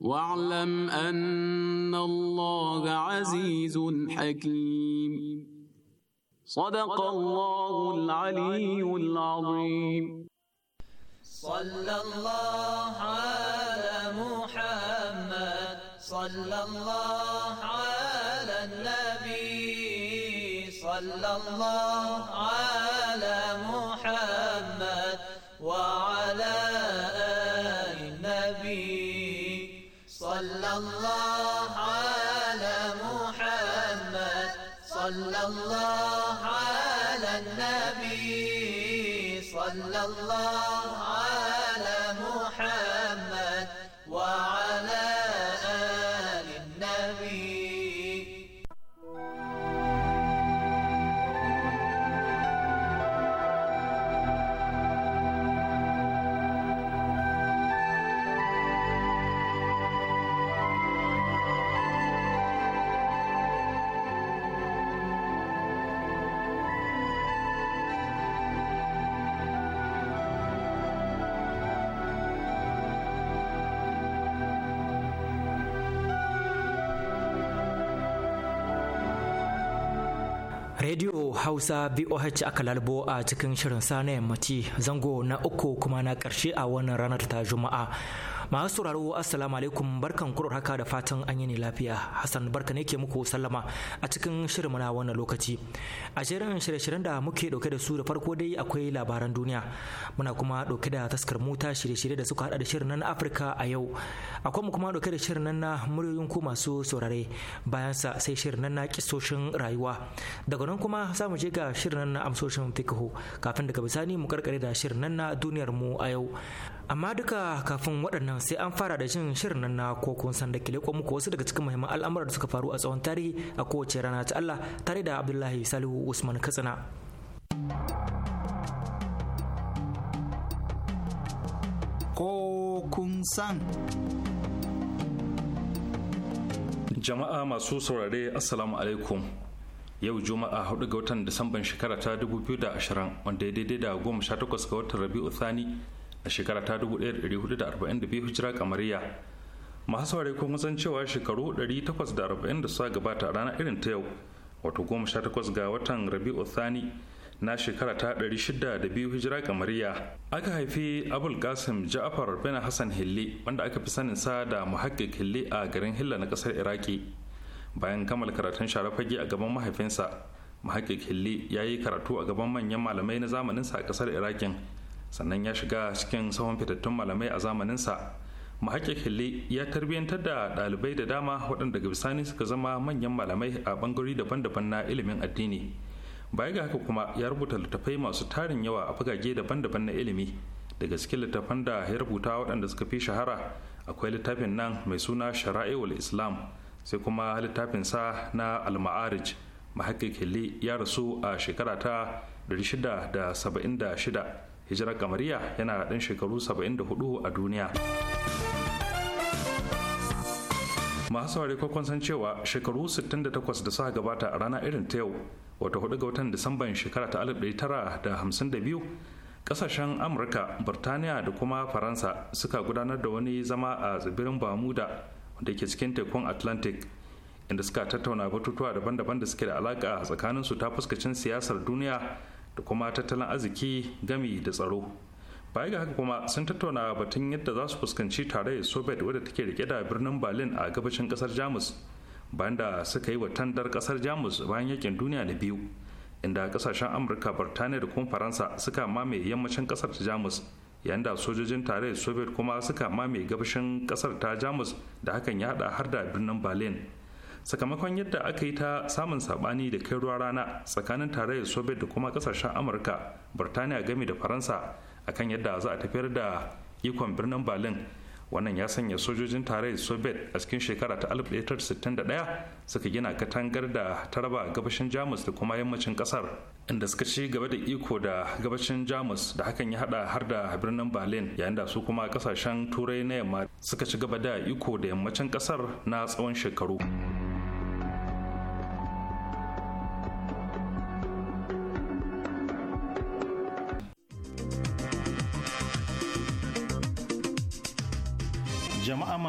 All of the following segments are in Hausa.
واعلم أن الله عزيز حكيم صدق الله العلي العظيم صلى الله على محمد صلى الله على النبي صلى الله على Radio Hausa BOH aka lalbo a cikin shirin sa na yammaci zango na uku kuma na ƙarshe a wannan ranar ta Juma'a. masu sauraro assalamu alaikum barkan kurar haka da fatan an yi ne lafiya hassan barka ne ke muku sallama a cikin shirin na wannan lokaci a shirin shirye-shiryen da muke dauke da su da farko dai akwai labaran duniya muna kuma dauke da taskar mota shirye-shirye da suka hada da shirin nan afirka a yau akwai mu kuma dauke da shirin na muryoyin ku masu saurare bayan sa sai shirin na kisoshin rayuwa daga nan kuma za mu je ga shirin nan na amsoshin fikihu kafin daga bisani mu karkare da shirin na duniyar mu a yau amma duka kafin waɗannan sai an fara da shirin shirin nan na kokon sanda ke leko muku wasu daga cikin muhimman al'amuran da suka faru a tsawon tarihi a kowace rana ta Allah tare da Abdullahi Salihu Usman Katsina. Kokun san. Jama'a masu saurare Assalamu alaikum. yau juma'a 4 ga watan disamban shekara ta 2020 wanda ya daidai da 18 ga watan rabi'u thani a shekara ta 1442 hijira kamariya masu saurari kuma san cewa shekaru 840 da suka gabata a ranar irin ta yau wato 18 ga watan rabi'u Sani na shekara ta 602 hijira kamariya aka haifi abul qasim ja'far bin hassan hille wanda aka fi sanin sa da muhakkik hille a garin hilla na kasar iraki bayan kammala karatun sharafage a gaban mahaifinsa muhakkik hille ya yi karatu a gaban manyan malamai na zamaninsa a kasar irakin sannan ya shiga cikin tsawon fitattun malamai a zamaninsa mahaƙi hille ya tarbiyyantar da ɗalibai da dama waɗanda daga bisani suka zama manyan malamai a ɓangarori daban-daban na ilimin addini baya ga haka kuma ya rubuta littattafai masu tarin yawa a fagage daban-daban na ilimi daga cikin littattafan da ya rubuta waɗanda suka fi shahara akwai littafin nan mai suna shara'iwul islam sai kuma littafin sa na al-ma'arij mahaƙi ya rasu a shekara ta 676 hijira kamariya yana da ɗan shekaru 74 a duniya masu saurari ko san cewa shekaru 68 da suka gabata a rana irin ta yau wata hudu ga watan disamban shekara ta 1952 kasashen amurka birtaniya da kuma faransa suka gudanar da wani zama a tsibirin bamuda wanda ke cikin tekun atlantic inda suka tattauna batutuwa daban-daban da suke da alaka tsakanin su ta fuskacin siyasar duniya da kuma tattalin arziki gami da tsaro baya ga haka kuma sun tattauna batun yadda za su fuskanci tarayyar soviet wadda take rike da birnin berlin a gabashin kasar jamus bayan da suka yi wa tandar kasar jamus bayan yakin duniya na biyu inda kasashen amurka birtaniya da kuma faransa suka mamaye yammacin kasar ta jamus yayin da sojojin tarayyar soviet kuma suka mamaye gabashin kasar ta jamus da hakan ya hada har da birnin berlin sakamakon yadda aka yi ta samun sabani da kai ruwa rana tsakanin tarayyar soviet da kuma kasashen amurka birtaniya game da faransa akan yadda za a tafiyar da ikon birnin berlin wannan ya sanya sojojin tarayyar soviet a cikin shekara ta 1961 suka gina katangar da ta raba gabashin jamus da kuma yammacin kasar inda suka ci gaba da iko da gabashin jamus da hakan ya hada har da birnin berlin yayin da su kuma kasashen turai na yamma suka ci gaba da iko da yammacin kasar na tsawon shekaru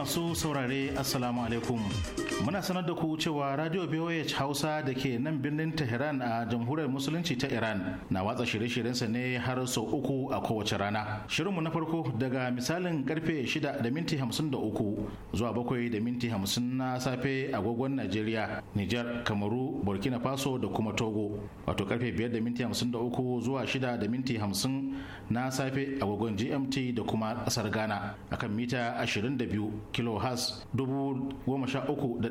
masu saurare assalamu alaikum Muna sanar da ku cewa Radio BOH Hausa da ke nan birnin Tehran a Jamhuriyar Musulunci ta Iran na watsa shirye-shiryensa ne har sau uku a kowace rana. Shirinmu na farko daga misalin karfe 6 da minti 53 zuwa 7 da minti 50 na safe agogon Najeriya, Nijar, Kamaru, Burkina Faso da kuma Togo. Wato karfe 5 da minti 53 zuwa 6 da minti 50 na safe agogon GMT da kuma kasar Ghana akan mita 22 uku 13000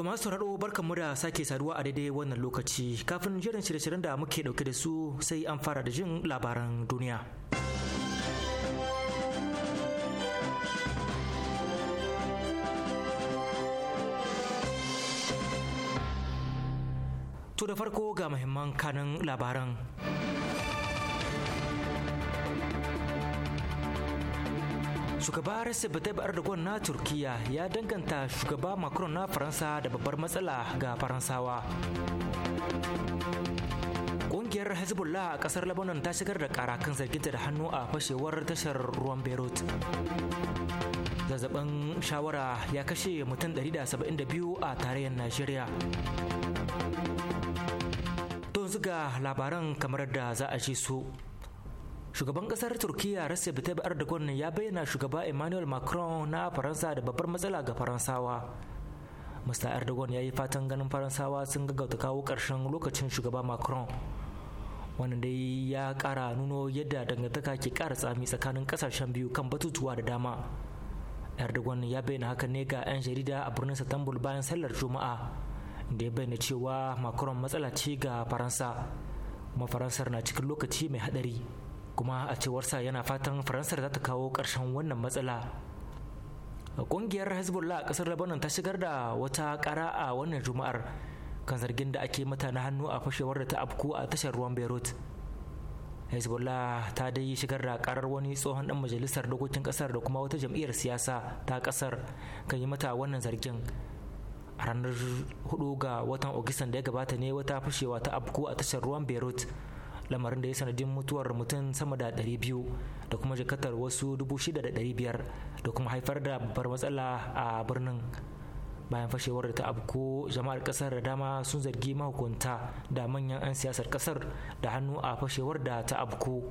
To masu sauraro barkan mu da sake saduwa a daidai wannan lokaci kafin shirin shirye-shiryen da muke dauke da su sai an fara da jin labaran duniya. To da farko ga muhimman kanin labaran. shugaba recep tayyip erdogan na turkiya ya danganta shugaba macron na faransa da babbar matsala ga faransawa Ƙungiyar Hezbollah a ƙasar Lebanon ta shigar da ƙara kan zarginta da hannu a fashewar tashar ruwan Beirut. Zazzaɓin shawara ya kashe mutum 172 a tarayyar Najeriya. Don zuga labaran kamar da za a ji su. shugaban kasar turkiya recep tayyip erdogan ya bayyana shugaba emmanuel macron na faransa da babbar matsala ga faransawa mr erdogan ya yi fatan ganin faransawa sun gaggauta kawo karshen lokacin shugaba macron wani dai ya ƙara nuno yadda dangantaka ke kara tsami tsakanin kasashen biyu kan batutuwa da dama erdogan ya bayyana haka ne ga 'yan jarida a birnin satambul bayan sallar juma'a da ya bayyana cewa macron matsala ce ga faransa kuma faransar na cikin lokaci mai hadari kuma a cewarsa yana fatan faransar za ta kawo ƙarshen wannan matsala ƙungiyar hezbollah a ƙasar lebanon ta shigar da wata ƙara a wannan juma'ar kan zargin da ake mata na hannu a fashewar da ta afku a tashar ruwan beirut hezbollah ta dai shigar da karar wani tsohon ɗan majalisar dokokin kasar da kuma wata jam'iyyar siyasa ta kasar kan yi mata wannan zargin a ranar hudu ga watan ogistan da ya gabata ne wata fashewa ta abku a tashar ruwan beirut lamarin da ya sanadin mutuwar mutum sama da 200 da kuma jakatar wasu 6,500 da kuma haifar da babbar matsala a birnin bayan fashewar da ta abko jama'ar kasar da dama sun zargi mahukunta da manyan 'yan siyasar kasar da hannu a fashewar da ta abko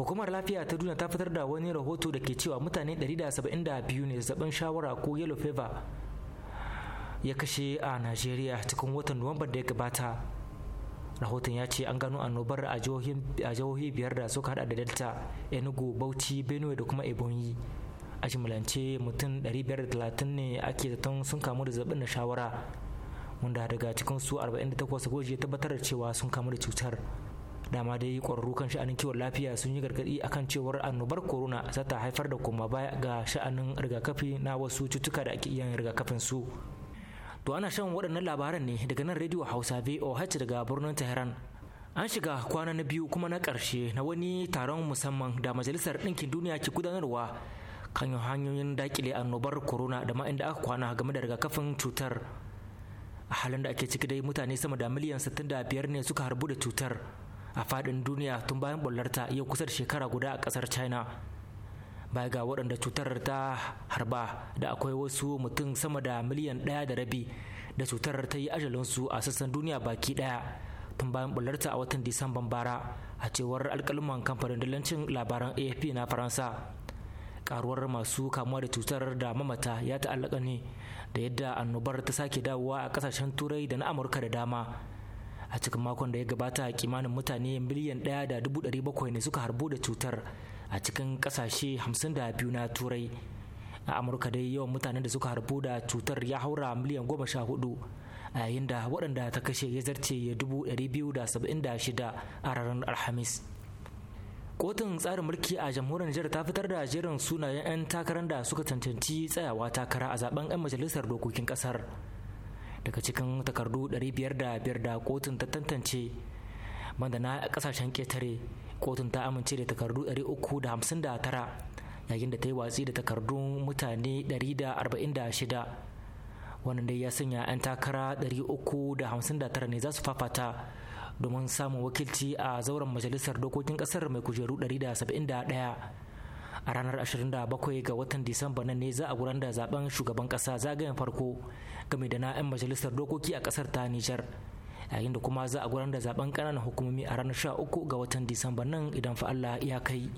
hukumar lafiya ta duniya ta fitar da wani rahoto da ke cewa mutane 172 ne zaben shawara ko yellow fever ya kashe a najeriya cikin watan nuwamban da ya gabata rahoton ya ce an gano annobar a jihohi biyar da suka hada da delta enugu bauchi benue da kuma ebonyi a jimlance mutum 530 ne ake zaton sun kamu da zaɓin da shawara wanda daga cikin su 48 goji ya tabbatar da cewa sun kamu da cutar dama dai ƙwararru kan sha'anin kiwon lafiya sun yi gargaɗi akan cewar annobar corona za ta haifar da koma baya ga sha'anin rigakafi na wasu cutuka da ake iya rigakafin su To ana shan waɗannan labaran ne daga nan Radio Hausa VOH daga birnin Tehran. An shiga kwana na biyu kuma na ƙarshe na wani taron musamman da Majalisar Ɗinkin Duniya ke gudanarwa kan hanyoyin dakile annobar corona da ma inda aka kwana game da rigakafin cutar. A halin da ake ciki dai mutane sama da miliyan biyar ne suka harbu da cutar a faɗin duniya tun bayan bullarta yau kusa da shekara guda a kasar China. baya ga waɗanda cutar ta harba da akwai wasu mutum sama da miliyan ɗaya da rabi da cutar ta yi ajalinsu a sassan duniya baki ɗaya tun bayan bullarta a watan disamban bara a cewar alkalman kamfanin dalancin labaran afp na faransa karuwar masu kamuwa da cutar da mamata ya ta'allaka ne da yadda annobar ta sake dawowa a kasashen turai da na amurka da dama a cikin makon da ya gabata kimanin mutane miliyan ɗaya da dubu ne suka harbu da cutar a cikin kasashe 52 na turai a amurka dai yawan mutanen da suka harbu da cutar ya haura miliyan goma sha hudu a yayin da waɗanda ta kashe ya zarce ya dubu biyu da saba'in da shida a ranar alhamis kotun tsarin mulki a jamhuriyar nijar ta fitar da jerin sunayen 'yan takarar da suka cancanci tsayawa takara a zaben 'yan majalisar dokokin kasar daga cikin takardu biyar da kotun ta tantance mandana ƙasashen ketare kotun ta amince da takardu 359 yayin da ta yi watsi da takardun mutane 146 wannan dai ya sanya 'yan takara 359 ne za su fafata domin samun wakilci a zauren majalisar dokokin kasar mai kujeru 171 a ranar 27 ga watan disamba nan ne za a guran da zaben shugaban kasa zagayen farko game da na 'yan majalisar dokoki a kasar ta nijar yayin da kuma za a gudanar da zaben ƙananan hukumomi a ranar 13 ga watan disamba nan idan fa Allah ya kai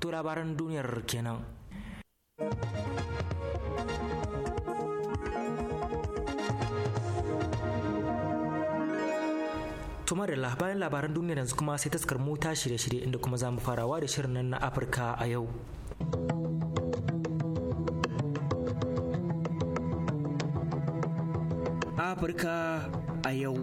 to labaran duniyar kenan Tuma da labarin labaran duniya yanzu kuma sai taskar mota shirye-shirye inda kuma za mu farawa da shirin nan na Afirka a yau. Afirka a yau.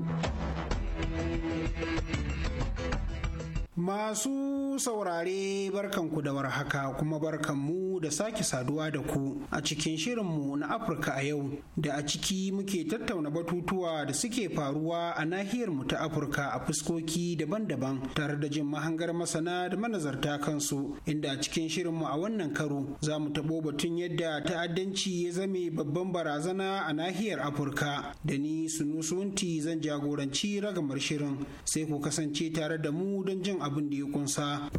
Masu saurare barkanku da warhaka kuma barkanmu da sake saduwa da ku a cikin shirinmu na Afirka a yau da a ciki muke tattauna batutuwa da suke faruwa a nahiyarmu ta Afirka a fuskoki daban-daban tare da jin mahangar masana da manazarta kansu inda a cikin shirinmu a wannan karo za mu taɓo batun yadda ta'addanci ya zame babban barazana a nahiyar Afirka da ni Sunusunti zan jagoranci ragamar shirin sai ku kasance tare da mu don jin abin da ya kunsa.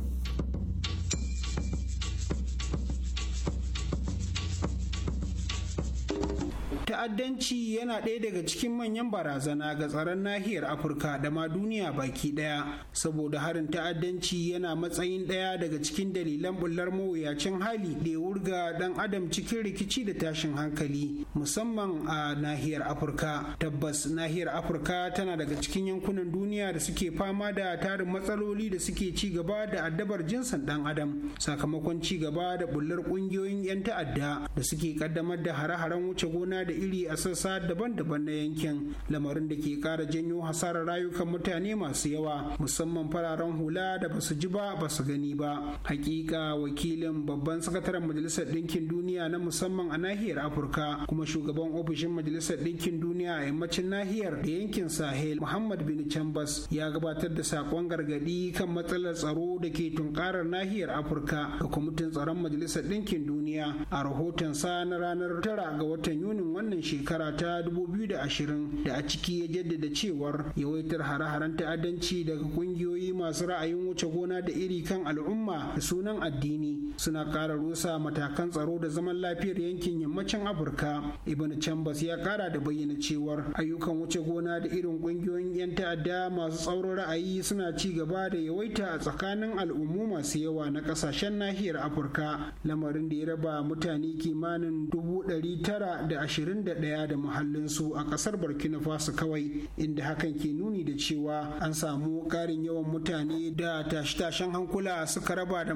ta'addanci yana ɗaya daga cikin manyan barazana ga tsaron nahiyar afirka da ma duniya baki ɗaya saboda harin ta'addanci yana matsayin ɗaya daga cikin dalilan bullar mawuyacin hali da ya wurga ɗan adam cikin rikici da tashin hankali musamman a nahiyar afirka tabbas nahiyar afirka tana daga cikin yankunan duniya da suke fama da tarin matsaloli da suke ci gaba da addabar jinsin ɗan adam sakamakon ci gaba da bullar ƙungiyoyin 'yan ta'adda da suke ƙaddamar da hare-haren wuce gona da iri tasiri a sassa daban-daban na yankin lamarin da ke kara janyo hasarar rayukan mutane masu yawa musamman fararen hula da basu ji ba basu gani ba hakika wakilin babban sakataren majalisar ɗinkin duniya na musamman a nahiyar afirka kuma shugaban ofishin majalisar ɗinkin duniya a yammacin nahiyar da yankin sahel muhammad bin chambers ya gabatar da sakon gargadi kan matsalar tsaro da ke tunkarar nahiyar afirka ga kwamitin tsaron majalisar ɗinkin duniya a rahoton sa na ranar tara ga watan yunin wannan wannan shekara ta 2020 da a ciki ya jaddada cewar yawaitar hare-haren ta'addanci daga kungiyoyi masu ra'ayin wuce gona da iri kan al'umma da sunan addini suna ƙara rusa matakan tsaro da zaman lafiyar yankin yammacin afirka ibn chambers ya ƙara da bayyana cewar ayyukan wuce gona da irin kungiyoyin 'yan ta'adda masu tsaurin ra'ayi suna ci gaba da yawaita a tsakanin al'ummu masu yawa na ƙasashen nahiyar afirka lamarin da ya raba mutane kimanin dubu ɗari tara da ashirin da ɗaya da muhallinsu a kasar burkina faso kawai inda hakan ke nuni da cewa an samu karin yawan mutane da tashe-tashen hankula suka raba da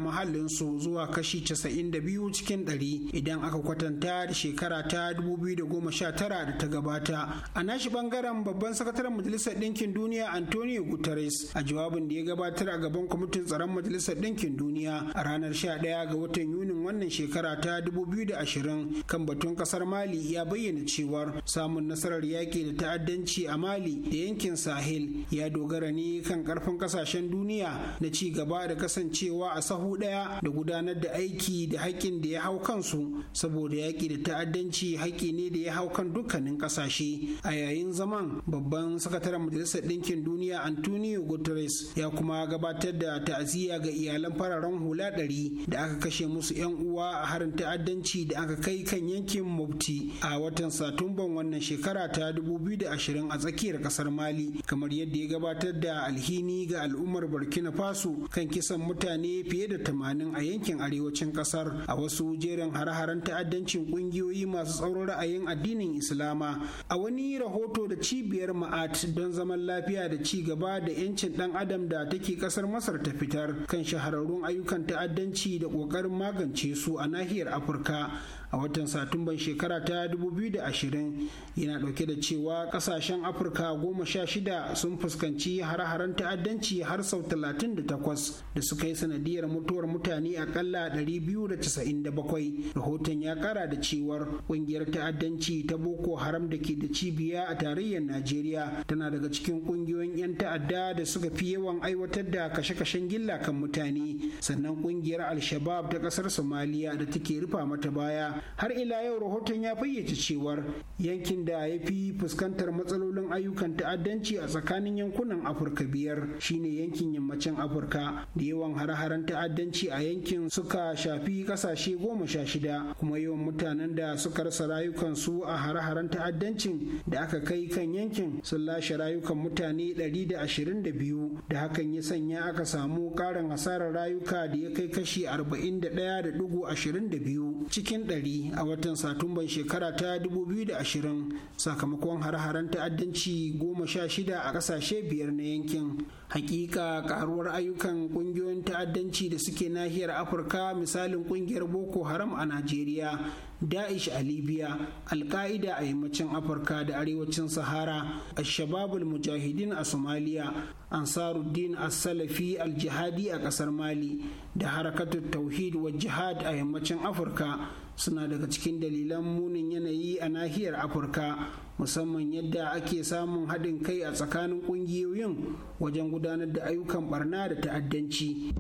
su zuwa kashi 92 cikin 100 idan aka kwatanta da shekara ta 2019 da ta gabata a nashi bangaren babban sakataren majalisar ɗinkin duniya antonio guterres a jawabin da ya gabatar a gaban kwamitin tsaron majalisar ɗinkin duniya a ranar 11 ga watan yunin wannan shekara ta 2020 kan batun kasar mali ya bayyana da cewar samun nasarar yaƙi da ta'addanci a mali da yankin sahel ya dogara ne kan karfin kasashen duniya na ci gaba da kasancewa a sahu ɗaya da gudanar da aiki da haƙƙin da ya hau kansu saboda yaƙi da ta'addanci haƙƙi ne da ya hau kan dukkanin kasashe a yayin zaman babban sakataren majalisar ɗinkin duniya antonio guterres ya kuma gabatar da ta'aziyya ga iyalan fararen hula ɗari da aka kashe musu 'yan uwa a harin ta'addanci da aka kai kan yankin mubti a watan satumban wannan shekara ta 2020 a tsakiyar kasar mali kamar yadda ya gabatar da alhini ga al'ummar burkina faso kan kisan mutane fiye da 80 a yankin arewacin kasar a wasu jerin hare-haren ta'addancin kungiyoyi masu tsaurin ra'ayin addinin islama a wani rahoto da cibiyar ma'at don zaman lafiya da ci gaba da 'yancin ɗan adam da take kasar masar ta fitar kan shahararrun ayyukan ta'addanci da kokarin magance su a nahiyar afirka a watan satumban shekara ta 2020 yana dauke da cewa kasashen afirka goma sha shida sun fuskanci hare-haren ta'addanci har sau 38 da suka yi sanadiyar mutuwar mutane akalla 297 rahoton ya kara da cewar kungiyar ta'addanci ta boko haram da ke da cibiya a tarayyar najeriya tana daga cikin kungiyoyin 'yan ta'adda da suka fi yawan aiwatar da kashe-kashen gilla kan mutane sannan kungiyar al-shabab ta kasar somaliya da take rufa mata baya har ila yau rahoton ya fayyace cewar yankin da ya fi fuskantar matsalolin ayyukan ta'addanci a tsakanin yankunan afirka biyar shine yankin yammacin afirka da yawan hare-haren ta'addanci a yankin suka shafi kasashe goma sha shida kuma yawan mutanen da suka rasa rayukansu a hare-haren ta'addancin da aka kai kan yankin sun lashe rayukan mutane 122 da hakan ya sanya aka samu karin hasarar rayuka da ya kai kashi 41.22 cikin 100 yi a watan satumban shekara ta 2020 sakamakon hare-haren ta'addanci goma sha shida a ƙasashe biyar na yankin hakika karuwar ayyukan ƙungiyoyin ta'addanci da suke nahiyar afirka misalin ƙungiyar boko haram a najeriya da'ish a libya al alka'ida a yammacin afirka da arewacin sahara ashababul mujahidin a somalia ansaruddin as-salafi al-jihadi a kasar mali da harakatar tauhid wa jihad a yammacin afirka suna daga cikin dalilan munin yanayi a nahiyar afirka musamman yadda ake samun haɗin kai a tsakanin ƙungiyoyin wajen gudanar da ayyukan barna da ta'addanci.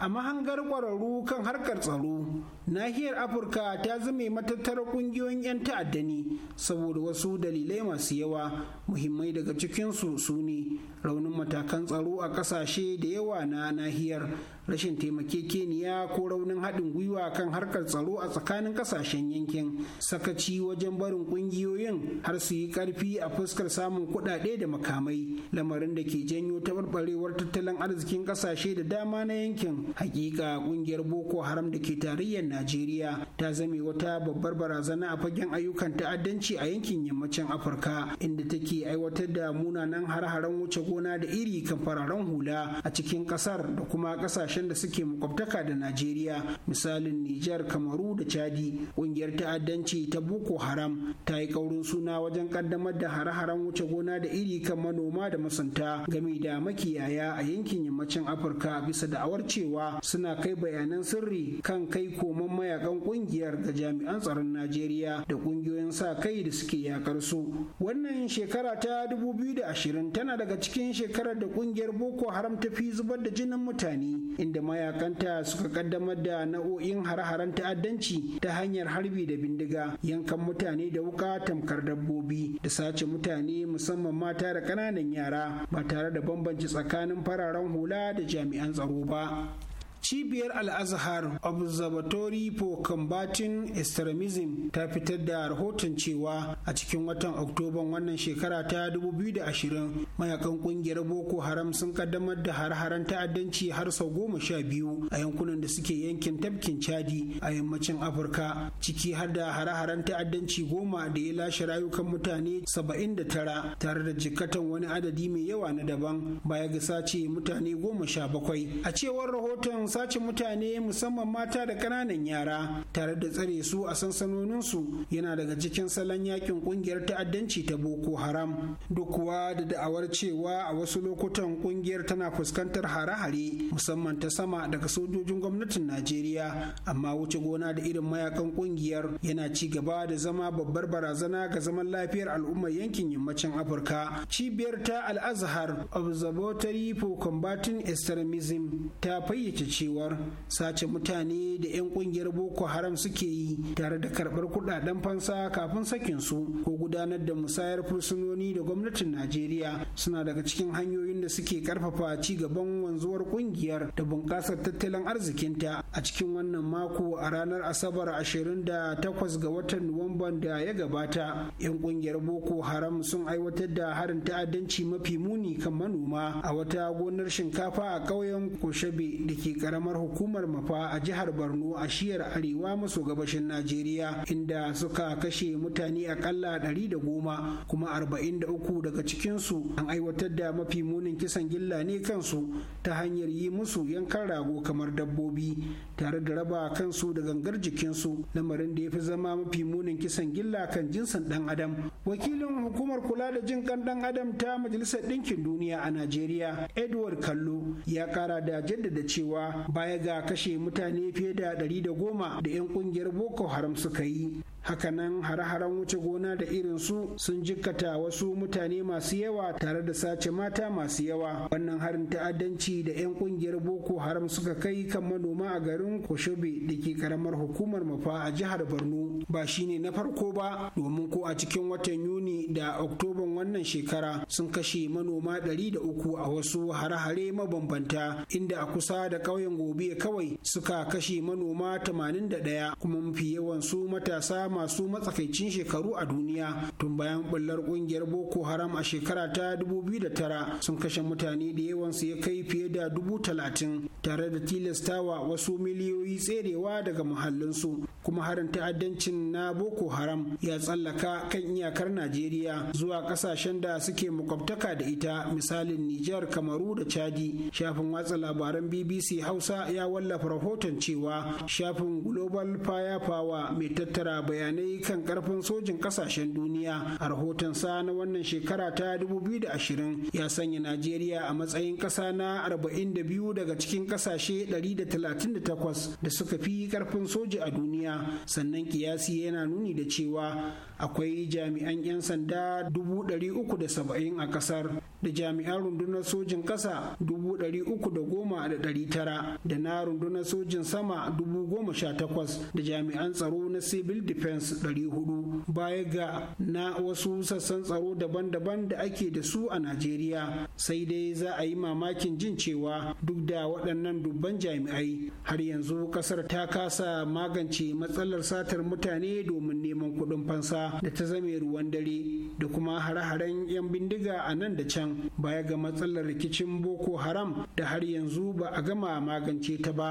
a mahangar kwararru kan harkar tsaro nahiyar afirka ta zame matattara kungiyoyin 'yan ta'adda ne saboda wasu dalilai masu yawa muhimmai daga cikinsu su ne raunin matakan tsaro a kasashe da yawa na nahiyar rashin taimake keniya ko raunin haɗin gwiwa kan harkar tsaro a tsakanin kasashen yankin sakaci wajen barin kungiyoyin har su yi ƙarfi a fuskar samun kuɗaɗe da makamai lamarin da ke janyo taɓarɓarewar tattalin arzikin kasashe da dama na yankin hakika ƙungiyar boko haram da ke tarayyar najeriya ta zame wata babbar barazana a fagen ayyukan ta'addanci a yankin yammacin afirka inda take aiwatar da munanan har-haren wuce gona da iri kan fararen hula a cikin kasar da kuma kasashen da suke makwabtaka da najeriya misalin nijar kamaru da chadi ƙungiyar ta'addanci ta boko haram ta yi kaurin suna wajen kaddamar da har-haren wuce gona da iri kan manoma da masunta game da makiyaya a yankin yammacin afirka bisa da'awar cewa suna kai bayanan sirri kan kai koma gomman mayakan kungiyar da jami'an tsaron najeriya da kungiyoyin sa kai da suke yakar su wannan shekara ta 2020 tana daga cikin shekarar da kungiyar boko haram ta fi zubar da jinin mutane inda mayakanta suka kaddamar da nau'o'in hare-haren ta'addanci ta hanyar harbi da bindiga yankan mutane da wuka tamkar dabbobi da sace mutane musamman mata da ƙananan yara ba tare da bambanci tsakanin fararen hula da jami'an tsaro ba cibiyar al'azhar observatory for combating extremism ta fitar da rahoton cewa a cikin watan oktoban wannan shekara ta 2020 mayakan kungiyar boko haram sun kaddamar da har-haren ta'addanci har sau goma sha biyu a yankunan da suke yankin tafkin chadi a yammacin afirka ciki har da har-haren ta'addanci goma da ya lashe rayukan mutane 79 tare da jikatan wani adadi mai yawa na daban baya ga sace mutane goma sha bakwai a cewar rahoton sace mutane musamman mata da ƙananan yara tare da tsare su a sansanoninsu yana daga cikin salon yakin ƙungiyar ta'addanci ta Boko Haram. Duk kuwa da da'awar cewa a wasu lokutan ƙungiyar tana fuskantar hare-hare musamman ta sama daga sojojin gwamnatin Najeriya amma wuce gona da irin mayakan ƙungiyar yana ci gaba da zama babbar barazana ga zaman lafiyar al'ummar yankin yammacin Afirka. Cibiyar ta Al-Azhar Observatory for Combating Extremism ta fayyace cewar sace mutane da 'yan kungiyar boko haram suke yi tare da karɓar kuɗaɗen fansa kafin sakin su ko gudanar da musayar fursunoni da gwamnatin najeriya suna daga cikin hanyoyin da suke karfafa ci gaban wanzuwar kungiyar da bunƙasar tattalin arzikinta a cikin wannan mako a ranar asabar 28 ga watan nuwamban da ya gabata 'yan kungiyar boko haram sun aiwatar da harin ta'addanci mafi muni kan manoma a wata gonar shinkafa a ƙauyen koshabe da ke karamar hukumar mafa a jihar borno a shiyar arewa maso gabashin najeriya inda suka kashe mutane akalla ɗari da goma kuma arba'in da uku daga cikinsu an aiwatar da mafi munin kisan gilla ne kansu ta hanyar yi musu yankan rago kamar dabbobi tare da raba kansu da gangar jikinsu lamarin da ya fi zama mafi munin kisan gilla kan jinsin ɗan adam wakilin hukumar kula da jin kan ɗan adam ta majalisar ɗinkin duniya a najeriya edward kallo ya kara da jaddada cewa baya ga kashe mutane fiye da ɗari da goma da 'yan kungiyar boko haram suka yi hakanan hare-haren wuce gona da irin su sun jikkata wasu mutane masu yawa tare da sace mata masu yawa wannan harin ta'addanci da 'yan kungiyar boko haram suka kai kan manoma a garin koshobe da ke karamar hukumar mafa a jihar borno ba shine na farko ba domin ko a cikin watan yuni da oktoban wannan shekara sun kashe manoma ɗari da uku a wasu hare-hare mabambanta inda a kusa da ƙauyen gobe kawai suka kashe manoma tamanin da ɗaya kuma mafi yawan su matasa masu matsakaicin shekaru a duniya tun bayan bullar kungiyar boko haram a shekara ta 2009 sun kashe mutane da yawan su ya kai fiye da dubu talatin tare da tilastawa wasu miliyoyi tserewa daga muhallinsu kuma harin ta'addancin na boko haram ya tsallaka kan iyakar najeriya zuwa kasashen da suke makwabtaka da ita misalin nijar kamaru da chadi shafin watsa labaran bbc hausa ya wallafa rahoton cewa shafin global firepower mai tattara bayan bayanai kan karfin sojin kasashen duniya a rahoton sa na wannan shekara ta 2020 ya sanya najeriya a matsayin kasa na 42 daga cikin kasashe 138 da suka fi karfin soji a duniya sannan kiyasi yana nuni da cewa akwai jami'an 'yan sanda 370 a kasar da jami'an rundunar sojin ƙasa dubu ɗari uku da goma da ɗari tara da na rundunar sojin sama dubu sha takwas da jami'an tsaro na civil defense ɗari hudu baya ga na wasu sassan tsaro daban-daban da ake da su a Najeriya sai dai za a yi mamakin jin cewa duk da waɗannan dubban jami'ai har yanzu ƙasar ta kasa magance matsalar satar mutane domin neman kuɗin fansa da ta zame ruwan dare da kuma hare-haren 'yan bindiga a nan da can baya ga matsalar rikicin boko haram da har yanzu ba a gama magance ta ba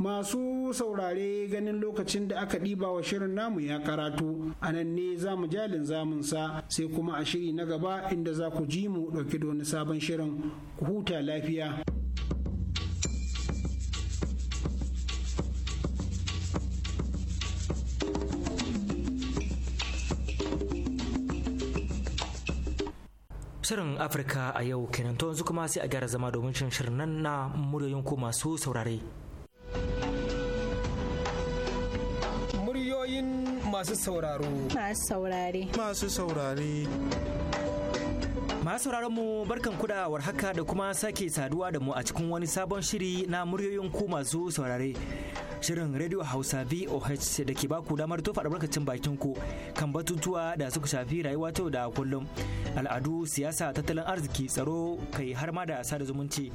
masu saurare ganin lokacin da aka ɗiba wa shirin namu ya karatu a nan ne za mu jalin zamunsa sai kuma a shiri na gaba inda za ku ji mu ɗauki doni sabon shirin ku huta lafiya. Shirin Afirka a yau kenan to yanzu kuma sai a gyara zama domin shin shirin nan na muryoyin ku masu saurare. Muryoyin masu sauraro. Masu saurare. Masu saurare. Masu mu barkan kuda haka da kuma sake saduwa da mu a cikin wani sabon shiri na muryoyin ku masu saurare. Shirin Radio Hausa VOH da ke baku damar tofa albarkacin bakin ku kan batutuwa da suka shafi rayuwa ta da kullum. Al'adu, siyasa, tattalin arziki, tsaro, kai har ma da sada zumunci.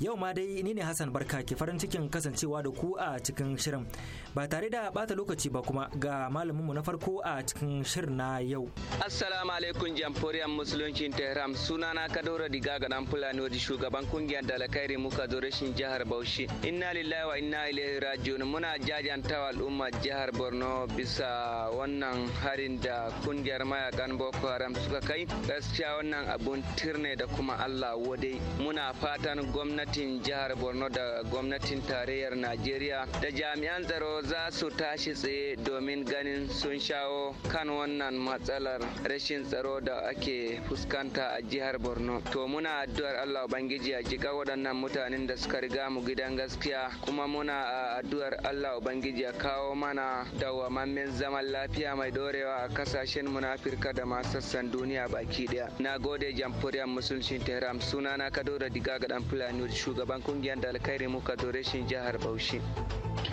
Yau ma dai ni ne Hassan Barka ke farin cikin kasancewa da ku a cikin shirin. ba tare da bata lokaci ba kuma ga malaminmu na farko a cikin shirin na yau. Assalamu alaikum jamhuriyar musuluncin Tehran sunana Kadora Diga ga dan Fulani wadi shugaban kungiyar Dalakairi muka zo rashin jihar Bauchi. Inna lillahi wa inna ilaihi rajiun muna jajantawa al'umma jihar Borno bisa wannan harin da kungiyar mayakan Boko Haram suka kai. Gaskiya wannan abun tirne da kuma Allah wadai. Muna fatan gwamnatin jihar Borno da gwamnatin tarayyar Najeriya da jami'an tsaro za su tashi tsaye domin ganin sun shawo kan wannan matsalar rashin tsaro da ake fuskanta a jihar borno to muna addu'ar allah ubangiji a jika waɗannan mutanen da suka riga mu gidan gaskiya kuma muna addu'ar allah ubangiji a kawo mana dawwamammen zaman lafiya mai dorewa a kasashen mu na afirka da masu sassan duniya baki daya na gode jamhuriyar musulcin tehran sunana kadoda diga ga dan fulani shugaban kungiyar da alkhairi muka dore jihar bauchi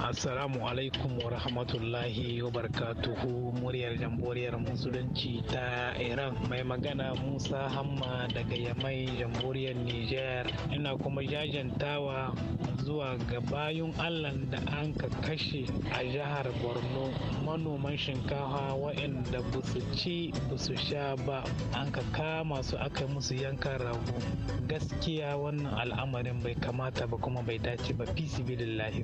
assalamu alaikum wa rahmatullahi wa barakatuhu muryar jamhuriyar musulunci ta Iran mai magana Musa Hamma daga Yamai jamhuriyar Nijar ina kuma jajantawa zuwa ga bayun Allah da an ka kashe a jihar Borno manoman shinkafa waɗanda ba su ci ba su sha ba an ka kama su aka musu yankan rago gaskiya wannan al'amarin bai kamata ba kuma bai dace ba fi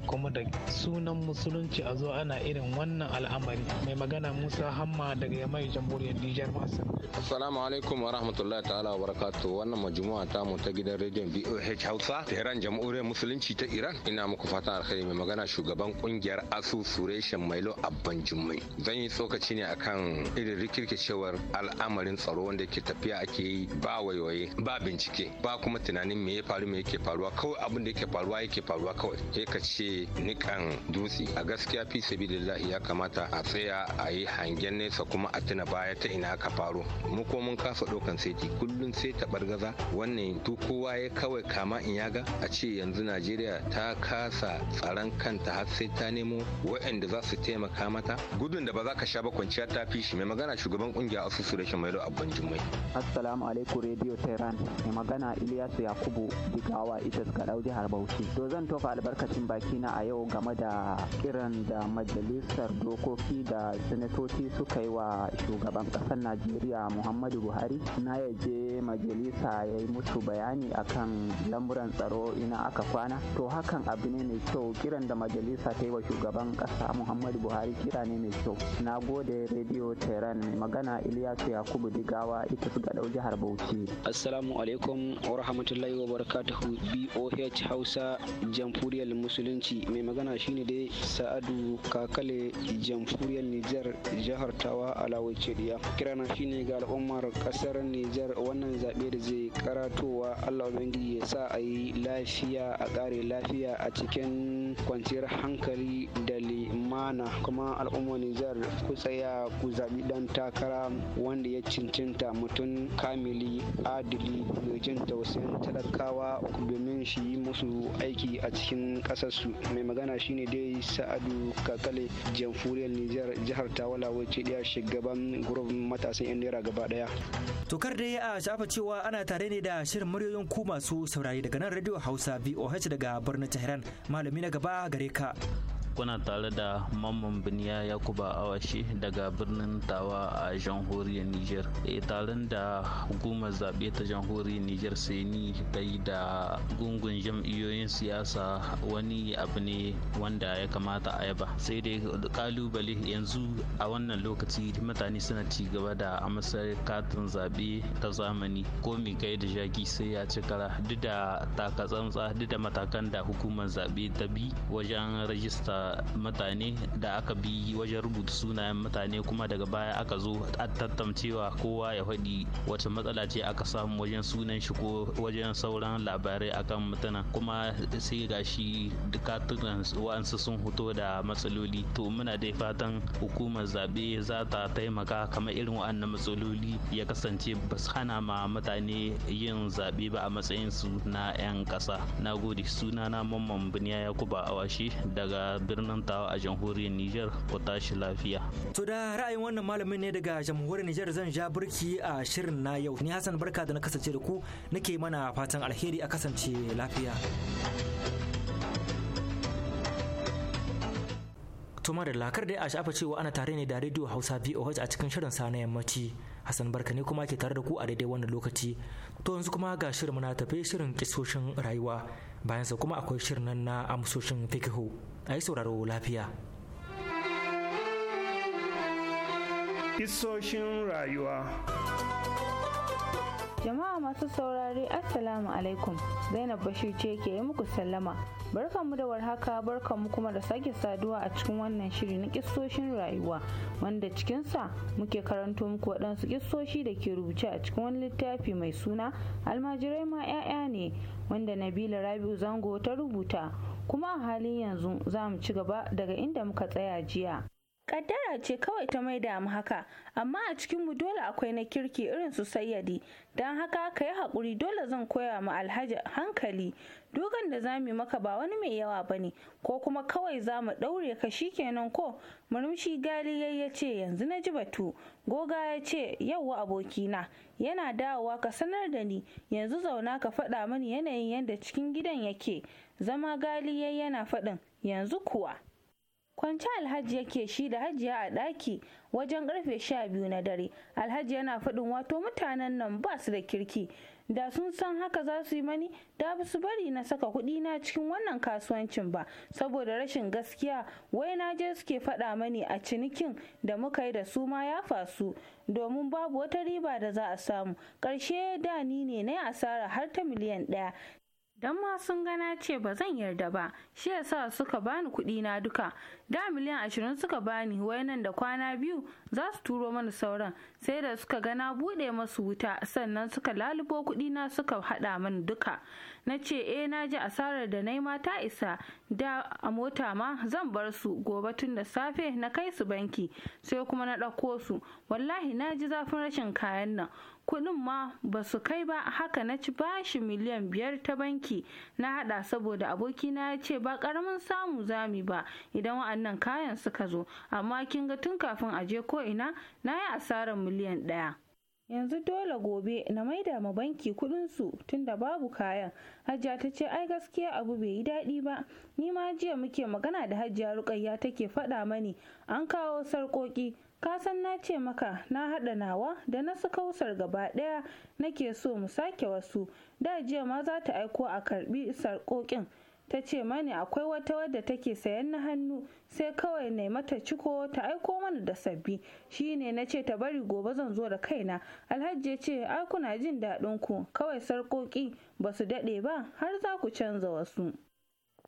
kuma da sunan musulunci musulunci a zo ana irin wannan al'amari mai magana musa hamma daga yamai jamhuriyar nijar masar assalamu alaikum wa rahmatullahi ta'ala wa barakatu wannan majmu'a ta mu ta gidan rediyon boh hausa tehran jamhuriyar musulunci ta iran ina muku fatan alkhairi mai magana shugaban kungiyar asu sureshen mailo abban jummai zan yi tsokaci ne akan irin rikirkicewar al'amarin tsaro wanda ke tafiya ake yi ba waiwaye ba bincike ba kuma tunanin me ya faru me yake faruwa kawai abin da yake faruwa yake faruwa kawai sai ka ce nikan dutse a gaskiya fi sabilillahi ya kamata a tsaya a yi hangen nesa kuma a tuna baya ta ina ka faro mu ko mun kasa ɗaukan saiti kullum sai ta bargaza wannan duk kowa ya kawai kama in yaga a ce yanzu najeriya ta kasa tsaron kanta har sai ta nemo waɗanda za su taimaka mata gudun da ba za ka sha ba kwanciya ta fi shi mai magana shugaban kungiya asusu da a abban jummai assalamu alaikum radio tehran mai magana ilyasu yakubu digawa ita ga jihar bauchi to zan tofa albarkacin baki na a yau game da kiran kiran da majalisar dokoki da sanatoci suka yi wa shugaban ƙasar najeriya muhammadu buhari na ya je majalisa ya yi musu bayani akan lamuran tsaro ina aka kwana to hakan abu ne mai kyau kiran da majalisa ta yi wa shugaban ƙasa muhammadu buhari kira ne mai kyau na gode rediyo tehran mai magana iliyasu yakubu digawa ita su ga jihar bauchi assalamu alaikum wa rahmatullahi wa barakatuhu boh hausa jamhuriyar musulunci mai magana shine dai sa al'adu kakale jamhuriyar nijar jihar tawa alawai diya kirana shine ga al'ummar ƙasar nijar wannan zaɓe da zai karatowa allah ubangiji ya sa a yi lafiya a ƙare lafiya a cikin kwanciyar hankali da limana kuma al'ummar nijar ku tsaya ku zaɓi ɗan takara wanda ya cincinta mutum kamili adili mai jin tausayin talakawa domin shi yi musu aiki a cikin ƙasarsu mai magana shine dai sa'ad Rabiu Kakale jamhuriyar Nijar jihar Tawala wacce ɗaya shugaban gurbin matasan 'yan naira gaba ɗaya. Tokar dai a shafa cewa ana tare ne da shirin muryoyin ku masu saurari daga nan Radio Hausa VOH daga birnin Tehran malami na gaba gare ka. kuna tare da mamman biniya yakuba awashi daga birnin tawa a jamhuriyar niger e eh, taron da hukumar zaɓe ta jamhuriyar niger seni ta yi da gungun jam'iyyoyin siyasa wani abu ne wanda ya kamata a yaba sai dai kalubale yanzu a wannan lokaci mutane suna ci gaba da amsa katin zaɓe ta zamani ko mai kai da jaki sai ya ci kara duk da takatsantsa duk da matakan da hukumar zaɓe ta bi wajen rajista mutane da aka bi wajen rubuta sunayen mutane kuma daga baya aka zo a tattamcewa kowa ya faɗi wace matsala ce aka samu wajen sunan shi ko wajen sauran labarai akan mutuna kuma sai gashi dukatunan wa'ansu sun hoto da matsaloli to muna dai fatan hukumar zaɓe za ta taimaka kamar irin wa'annan matsaloli ya kasance ba su hana ma mutane yin zaɓe ba a matsayin su na 'yan ƙasa na gode sunana mamman biniya yakuba washe daga birnin tawa a jamhuriyar nijar ku tashi lafiya to da ra'ayin wannan malamin ne daga jamhuriyar nijar zan ja birki a shirin na yau ni hassan barka da na kasance da ku nake mana fatan alheri a kasance lafiya To da lakar da ya shafa cewa ana tare ne da Radio Hausa VOH a cikin shirin sa na yammaci. Hassan Barka ne kuma ke tare da ku a daidai wannan lokaci. To yanzu kuma ga shirin muna tafe shirin kisoshin rayuwa. Bayan sa kuma akwai shirin nan na amsoshin fikihu. a yi sauraro lafiya. Isoshin rayuwa Jama'a masu saurari Assalamu alaikum Zainab Bashir ce ke yi muku sallama. Barkanmu da warhaka barkanmu kuma da sake saduwa a cikin wannan shiri na kissoshin rayuwa wanda cikinsa muke karanto muku waɗansu kissoshi da ke rubuce a cikin wani littafi mai suna almajirai ma 'ya'ya ne wanda nabila rabi'u zango ta rubuta kuma a halin yanzu za mu ci gaba daga inda muka tsaya jiya kaddara ce kawai ta maida mu haka amma a cikin mu dole akwai na kirki irin su sayyadi don haka ka yi haƙuri dole zan koya ma alhaji hankali dogon da za mu maka ba wani mai yawa ba ne ko kuma kawai za mu ɗaure ka shi kenan ko murmushi gali ya ce yanzu na ji batu goga ya ce yauwa abokina yana dawowa ka sanar da ni yanzu zauna ka faɗa mini yanayin yadda cikin gidan yake zama gali yana faɗin yanzu kuwa kwanci alhaji yake shi da hajiya a ɗaki wajen karfe sha biyu na dare alhaji yana faɗin wato mutanen nan ba su da kirki da sun san haka za su yi mani da ba su bari na saka kuɗi na cikin wannan kasuwancin ba saboda rashin gaskiya wai na je suke faɗa mani a cinikin da muka yi da su ma ya fasu domin babu wata riba da za a samu ƙarshe da ni ne na asara har ta miliyan ɗaya don ma sun gana ce ba zan yarda ba shi yasa suka bani kuɗi na duka da miliyan ashirin suka bani wai nan da kwana biyu za su turo mana sauran sai da suka gana buɗe masu wuta sannan suka lalubo kuɗi na suka haɗa mana duka na ce e na ji asarar da na ma ta isa da a mota ma zan bar su gobe tun da safe na kai su banki sai kuma na ɗauko su wallahi na ji zafin rashin kayan nan kuɗin ma ba su kai ba haka na ci bashi miliyan biyar ta banki na hada saboda abokina ya ce ba karamin samu zami ba idan wa'annan kayan suka zo amma kin ga tun kafin aje je ko ina na yi asarar miliyan ɗaya yanzu dole gobe na maida ma banki su tunda babu kayan hajiya ta ce ai gaskiya abu bai yi daɗi ba ni ma jiya muke magana da hajiya rukayya take faɗa mani an kawo sarƙoƙi ka san na ce maka na haɗa nawa da na su kausar gaba ɗaya nake so mu sake wasu da jiya ma za ta aiko a karbi sarƙoƙin ta ce mani akwai wata wadda take sayan na hannu sai kawai na mata ciko ta aiko mana da sabbi shine na ce ta bari gobe zan zo da kaina alhaji ya ce ai kuna jin daɗin ku kawai sarƙoƙi ba su daɗe ba har za ku canza wasu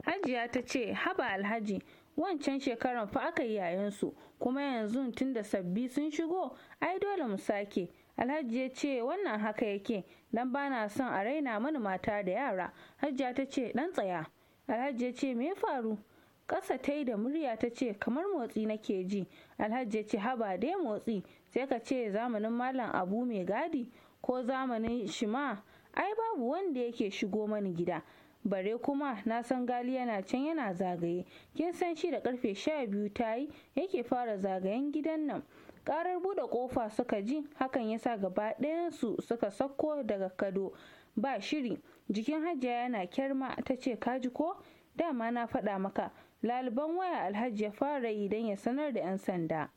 hajiya ta ce haba alhaji wancan shekaran fa aka yi yayansu kuma yanzu tun da sabbi sun shigo ai dole mu sake alhaji ya ce wannan haka yake dan bana son a raina mani mata da yara hajjia ta ce dan tsaya alhaji ya ce me ya faru ƙasa ta yi da murya ta ce kamar motsi nake ji alhaji ya ce haba dai motsi sai ka ce zamanin malam abu mai gadi ko zamanin shima ai babu wanda yake shigo mani gida bare kuma na san gali yana can yana zagaye kin san shi da karfe sha biyu ta yi yake fara zagayen gidan nan karar buɗe kofa suka ji hakan yasa gaba ɗayansu suka sauko daga kado ba shiri jikin hajiya yana kyarma ta ce kaji ko dama na faɗa maka laliban waya alhaji ya fara yi don ya sanar da 'yan sanda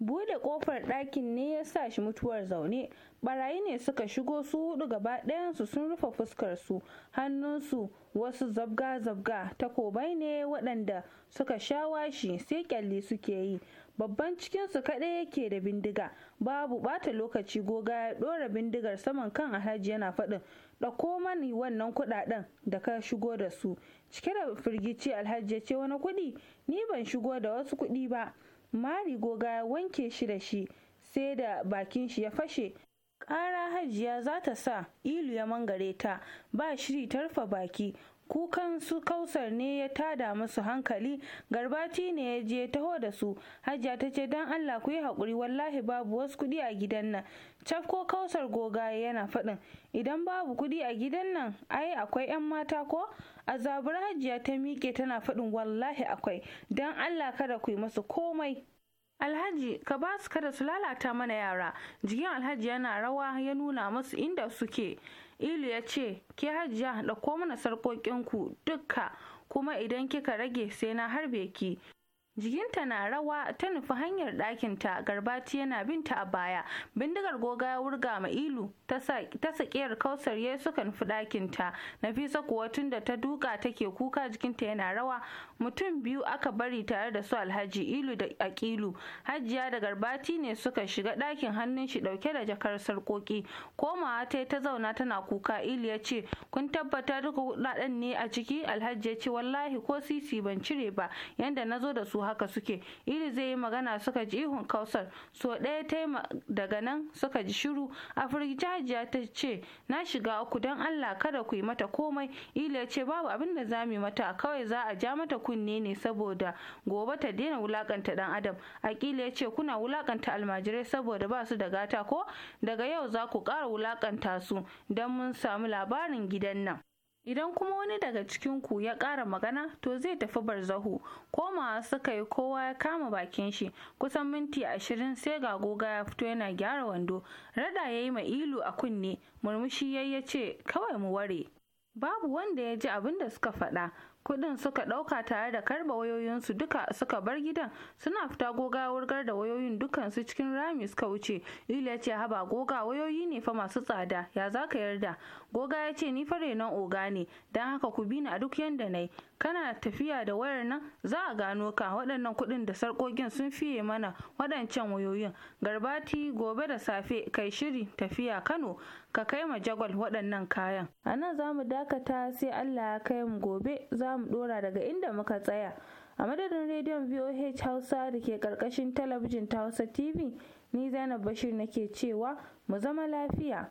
Bude ƙofar ɗakin ne ya sa shi mutuwar zaune barayi ne suka shigo su hudu gaba ɗayansu sun rufe fuskar su hannunsu wasu zabga-zabga takobai ne waɗanda suka sha washi sai kyalli suke yi babban cikinsu kaɗai yake da bindiga babu ɓata lokaci goga ya ɗora bindigar saman kan alhaji yana faɗin ɗauko mani wannan kuɗaɗen da ka shigo da su cike da firgici alhaji ya ce wani kuɗi ni ban shigo da wasu kuɗi ba mari goga ya wanke shi da shi sai da bakin shi ya fashe ƙara hajiya za ta sa ilu ya mangare ta ba shiri tarfa baki kukan su kausar ne ya tada musu hankali garbati ne ya je taho da su hajiya ta ce don allah ku yi haƙuri wallahi babu wasu kuɗi a gidan nan ko kausar gogaye yana faɗin idan babu kuɗi a gidan nan ai akwai 'yan mata ko a zabar hajiya ta miƙe tana faɗin wallahi akwai don allah kada ku yi masu komai alhaji ka ba su kada su lalata mana yara jikin alhaji yana rawa ya nuna masu inda suke ilu ya ce ke hajiya ɗauko mana sarƙoƙinku dukka kuma idan kika rage sai na harbe ki jikinta na rawa ta nufi hanyar ɗakinta garbati yana binta a baya bindigar goga ya wurga ma ilu ta sakiyar kausar ya suka nufi ɗakinta nafisa kuwa tun da ta duka take kuka jikinta yana rawa mutum biyu aka bari tare da su alhaji ilu da akilu hajiya da garbati ne suka shiga ɗakin hannun shi ɗauke da jakar sarƙoƙi komawa ta ta zauna tana kuka ilu ya ce kun tabbata duka kuɗaɗen ne a ciki alhaji ya ce wallahi ko sisi ban cire ba yanda na zo da su haka suke ilu zai yi magana suka ji ihun kausar so ɗaya ta daga nan suka ji shiru a firgici, hajiya ta ce na shiga uku don allah kada ku yi mata komai ilu ya ce babu abin da za mu yi mata kawai za a ja mata kunne ne saboda gobe ta daina wulakanta dan adam akili ya ce kuna wulakanta almajirai saboda ba su da gata ko daga yau za ku ƙara wulakanta su don mun samu labarin gidan nan idan kuma wani daga cikin ku ya ƙara magana to zai tafi barzahu komawa suka yi kowa ya kama bakin shi kusan minti ashirin sai ga goga ya fito yana gyara wando rada ya yi ma ilu a kunne murmushi ya ce kawai mu ware babu wanda ya ji abin da suka faɗa kudin suka dauka tare da karba wayoyinsu duka suka bar gidan suna fita goga wurgar da wayoyin dukansu cikin rami suka wuce ila ya ce haba goga wayoyi ne fa masu tsada ya za ka yarda goga ya ce ni fa renon oga ne don haka ku bi ni a duk yanda na yi kana tafiya da wayar nan za a gano ka waɗannan kuɗin da sarƙoƙin sun fiye mana waɗancan wayoyin garbati gobe da safe kai shiri tafiya kano ka kai ma jagwal waɗannan kayan a nan za mu dakata sai allah ya kai mu gobe za mu ɗora daga inda muka tsaya a madadin rediyon voh hausa da ke ƙarƙashin talabijin ta hausa tv ni zainab bashir nake cewa mu zama lafiya.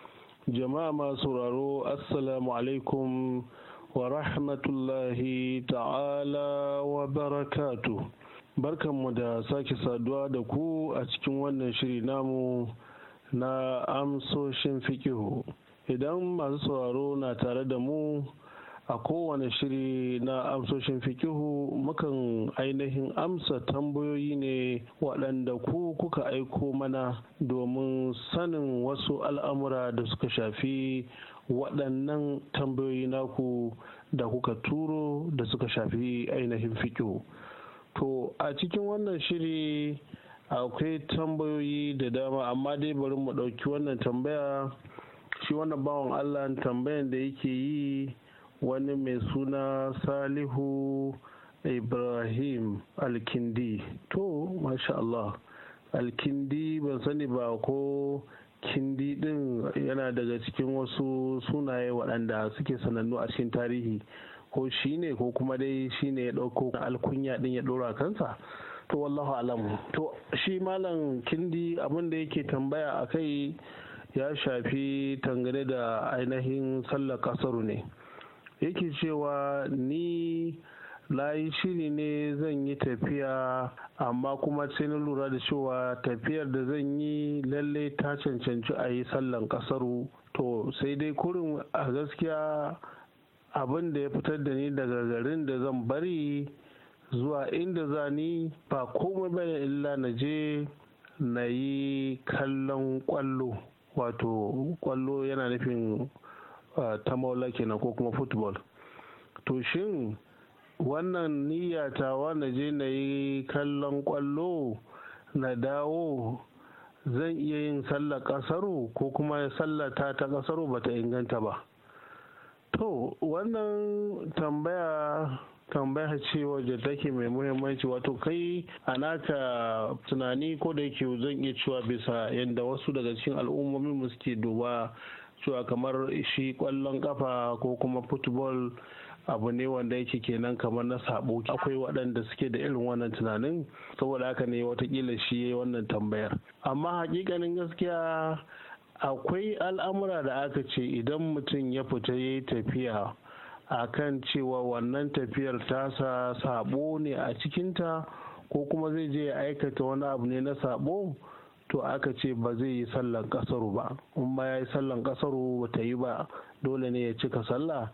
jama'a masu sauraro assalamu alaikum wa rahmatullahi ta'ala wa barakatu barkanmu da sake saduwa da ku a cikin wannan shiri namu na amsoshin fikihu idan masu sauraro na tare da mu a kowane shiri na amsoshin fikihu mukan ainihin amsa tambayoyi ne waɗanda ku kuka aiko mana domin sanin wasu al'amura da suka shafi waɗannan tambayoyi naku da kuka turo da suka shafi ainihin fikihu to a cikin wannan shiri akwai tambayoyi da dama amma dai bari mu ɗauki wannan tambaya shi wannan bawan allah tambayan da yake yi wani mai suna salihu ibrahim alkindi to masha Allah alkindi ban sani ba ko kindi din yana daga cikin wasu sunaye waɗanda suke sanannu a cikin tarihi ko shi ne ko kuma dai shi ne ya ɗauko alkunya din ya ɗora kansa to wallahu alamu. to shi malam kindi abin da yake tambaya a kai ya shafi tangane da ainihin sallar kasaru ne yake cewa ni layi shiri ne zan yi tafiya amma kuma sai na lura da cewa tafiyar da zan yi lallai ta cancanci a yi sallan kasaru to sai dai kurin a gaskiya abin da ya fitar da ni daga garin da zan bari zuwa inda za ni ba komai bane illa na je na yi kallon kwallo wato kwallo yana nufin Uh, ta maula kenan ko kuma football to shin wannan niyya ta na je na yi kallon kwallo na dawo zan iya yin sallar kasaro ko kuma sallata ta ta kasaro ta inganta ba to wannan tambaya tambaya ce wajen take mai muhimmanci wato kai a naka tunani ko da yake zan iya cewa bisa yadda wasu daga cikin al'ummomin mu suke duba cewa kamar shi kwallon kafa ko kuma football abu ne wanda yake kenan kamar na sabo akwai waɗanda suke da irin wannan tunanin saboda haka ne watakila shi ya yi wannan tambayar amma hakikanin gaskiya akwai al'amura da aka ce idan mutum ya fita ya yi tafiya kan cewa wannan tafiyar tasa sabo ne a cikinta ko kuma zai je ya aikata wani abu ne na sabo to aka ce ba zai yi sallan kasaru ba in ba ya yi sallan kasaru ba ta yi ba dole ne ya cika sallah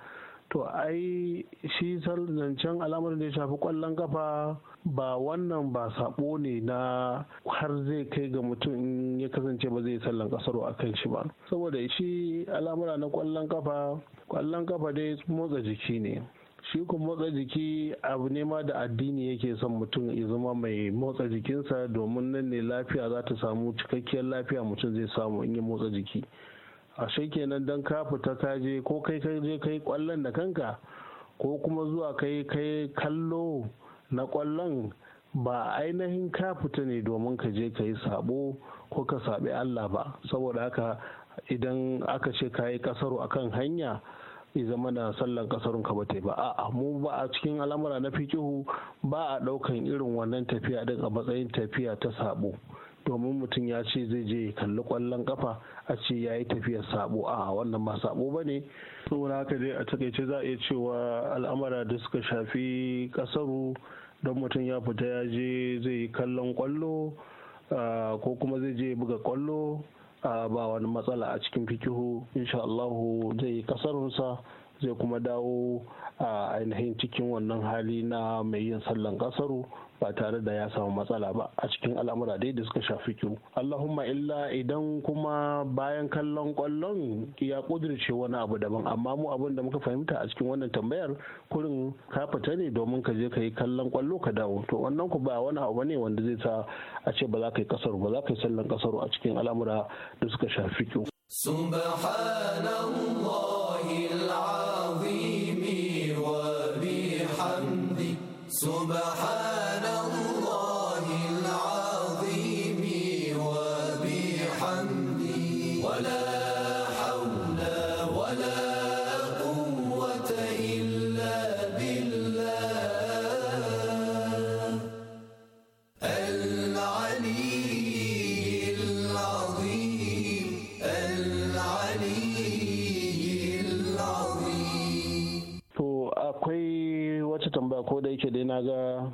to ai shi zancen al'amarin da ya shafi kwallon kafa ba wannan ba sabo ne na har zai kai ga mutum in ya kasance ba zai yi sallan kasaru a kan shi ba saboda shi al'amura na kwallon kafa kwallon kafa dai motsa jiki ne shi kuma motsa jiki abu ne ma da addini yake son mutum ya zama mai motsa jikinsa domin nan ne lafiya za ta samu cikakkiyar lafiya mutum zai samu in yi motsa jiki ashe kenan don ka fita ka je ko kai ka je kai kwallon da kanka ko kuma zuwa kai kai kallo na kwallon ba ainihin ka fita ne domin ka je ka yi sabo ko ka saɓi Allah ba saboda haka idan aka ce ka yi ƙasaro akan hanya zama na sallan kasarun ka bata ba a mu ba a cikin al'amura na fikihu ba a ɗaukan irin wannan tafiya din a matsayin tafiya ta sabo domin mutum ya ce zai je kalli kwallon kafa a ce ya yi tafiyar sabo a wannan ba sabo ba ne saboda haka dai a takaice za a iya cewa al'amura da suka shafi kasaru don mutum ya fita ya je zai yi kallon kwallo ko kuma zai je buga kwallo ba wani matsala a cikin fikihu insha Allah zai yi kasarunsa zai kuma dawo a ainihin cikin wannan hali na mai yin sallan kasaru ba tare da ya samu matsala ba a cikin al'amura dai da suka shafi kiwo. allahumma illa idan kuma bayan kallon kwallon ya kudirce wani abu daban amma mu abin da muka fahimta a cikin wannan tambayar kurin ka fita ne domin ka je ka yi kallon kwallo ka dawo to wannan ku ba wani abu ne wanda zai sa a ce ba za ka yi kasar ba za ka yi sallan kasar a cikin al'amura da suka shafi kiwo. subhanallahi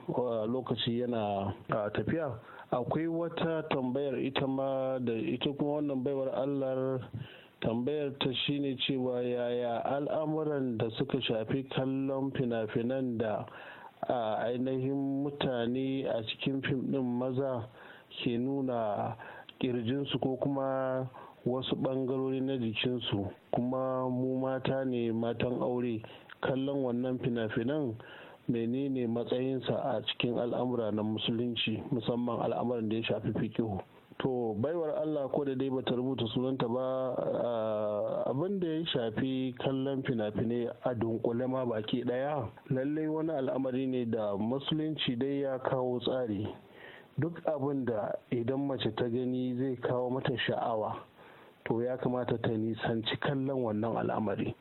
Uh, lokaci yana uh, tafiya akwai wata tambayar ita ma da ita kuma wannan baiwar allar tambayar ta shine cewa yaya al'amuran da suka shafi kallon fina-finan da a uh, ainihin mutane a cikin fim din maza ke nuna kirjinsu ko kuma wasu bangarori na jikinsu kuma mu mata ne matan aure kallon wannan fina-finan menene matsayinsa a cikin al'amura na musulunci musamman al'amuran da ya shafi fikihu to baiwar allah ko da dai bata rubuta sunanta ba ah, abin da ya shafi kallon fina-finai a dunkule ma baki daya lallai wani al'amari ne da musulunci dai ya kawo tsari duk abin da idan mace ta gani zai kawo mata sha'awa to ya kamata ta nisanci kallon wannan al'amari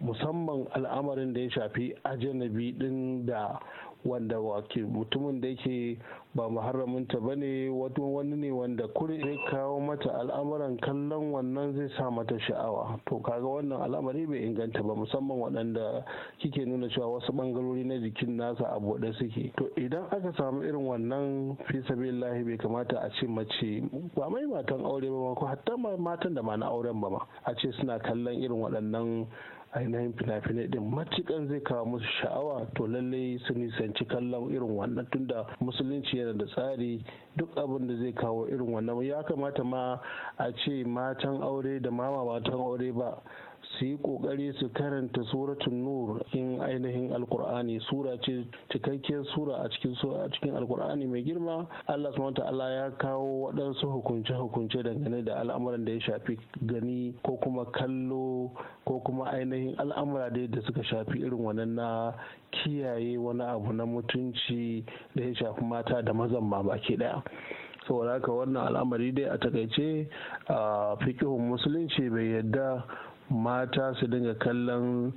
musamman al'amarin da ya shafi ajanabi din da wanda wake mutumin da yake ba muharraminta ba ne wani ne wanda kuri zai kawo mata al'amuran kallon wannan zai sa mata sha'awa to kaga wannan al'amari bai inganta ba musamman waɗanda kike nuna cewa wasu bangarori na jikin nasa a buɗe suke to idan aka samu irin wannan fisa sabilillahi bai kamata a ce mace ba mai matan aure ba ko hatta matan da ma na auren ba ma a ce suna kallon irin waɗannan ainihin fina-finai din matukan zai kawo musu sha'awa to lallai su nisanci kallon irin wannan tunda musulunci yana da tsari duk abin da zai kawo irin wannan ya kamata ma a ce matan aure da mama matan aure ba su yi kokari su karanta suratun nur in ainihin alkur'ani sura ce cikakkiyar sura a cikin a cikin alkur'ani mai girma Allah subhanahu ta'ala ya kawo waɗansu hukunce hukunce dangane da al'amuran da ya shafi gani ko kuma kallo ko kuma ainihin al'amura dai da suka shafi irin wannan na kiyaye wani abu na mutunci da ya shafi mata da mazan ma baki daya saboda haka wannan al'amari dai a takaice a fikihun musulunci bai yadda mata su dinga kallon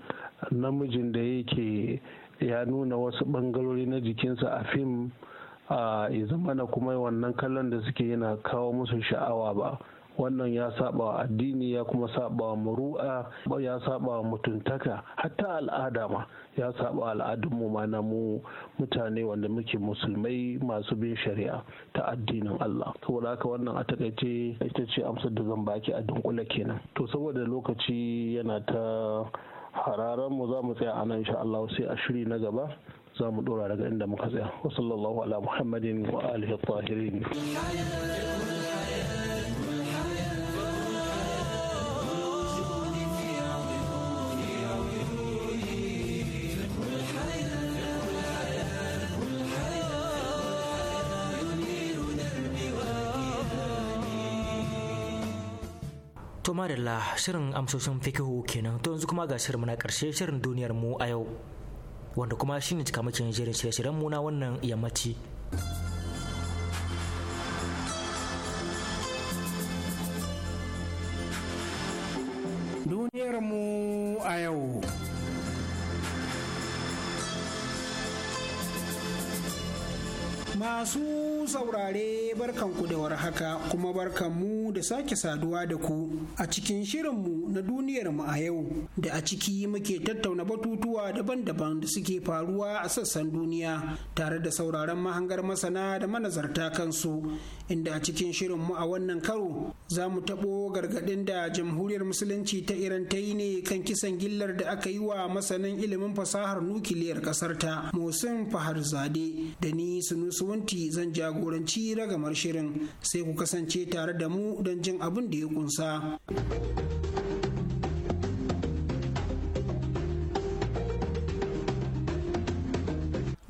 namijin da yake ya nuna wasu bangarori na jikinsa a fim ya zama na kuma wannan kallon da suke yana kawo musu sha'awa ba wannan ya saba wa addini ya kuma saba wa muru'a ya saba wa mutuntaka hatta al'ada ma ya saba mu ma na mu mutane wanda muke musulmai masu bin shari'a ta addinin Allah saboda haka wannan a takaice ita ce amsar da zan baki a dunkule kenan to saboda lokaci yana ta hararan mu za mu tsaya a nan insha Allah sai a shiri na gaba za mu dora daga inda muka tsaya wa sallallahu ala muhammadin wa alihi tahirin madalla shirin amsoshin fikihu kenan to yanzu kuma ga shirin na karshe shirin duniyar mu a yau wanda kuma shine cikamakin jerin shirye-shiryen mu na wannan yammaci duniyar mu a yau masu saurare barkanku da warhaka kuma barkanmu da sake saduwa da ku a cikin shirinmu na duniyarmu a yau da a ciki muke tattauna batutuwa daban-daban da suke faruwa a sassan duniya tare da sauraron mahangar masana da manazarta kansu inda a cikin shirinmu a wannan karo za mu taɓo gargaɗin da jamhuriyar musulunci ta iran ta yi ne kan kisan gillar da aka yi wa masanin ilimin fasahar nukiliyar ƙasarta Mosin fahar zade da ni sunusuwanti zan jago jagoranci ragamar shirin sai ku kasance tare da mu don jin abin da ya kunsa.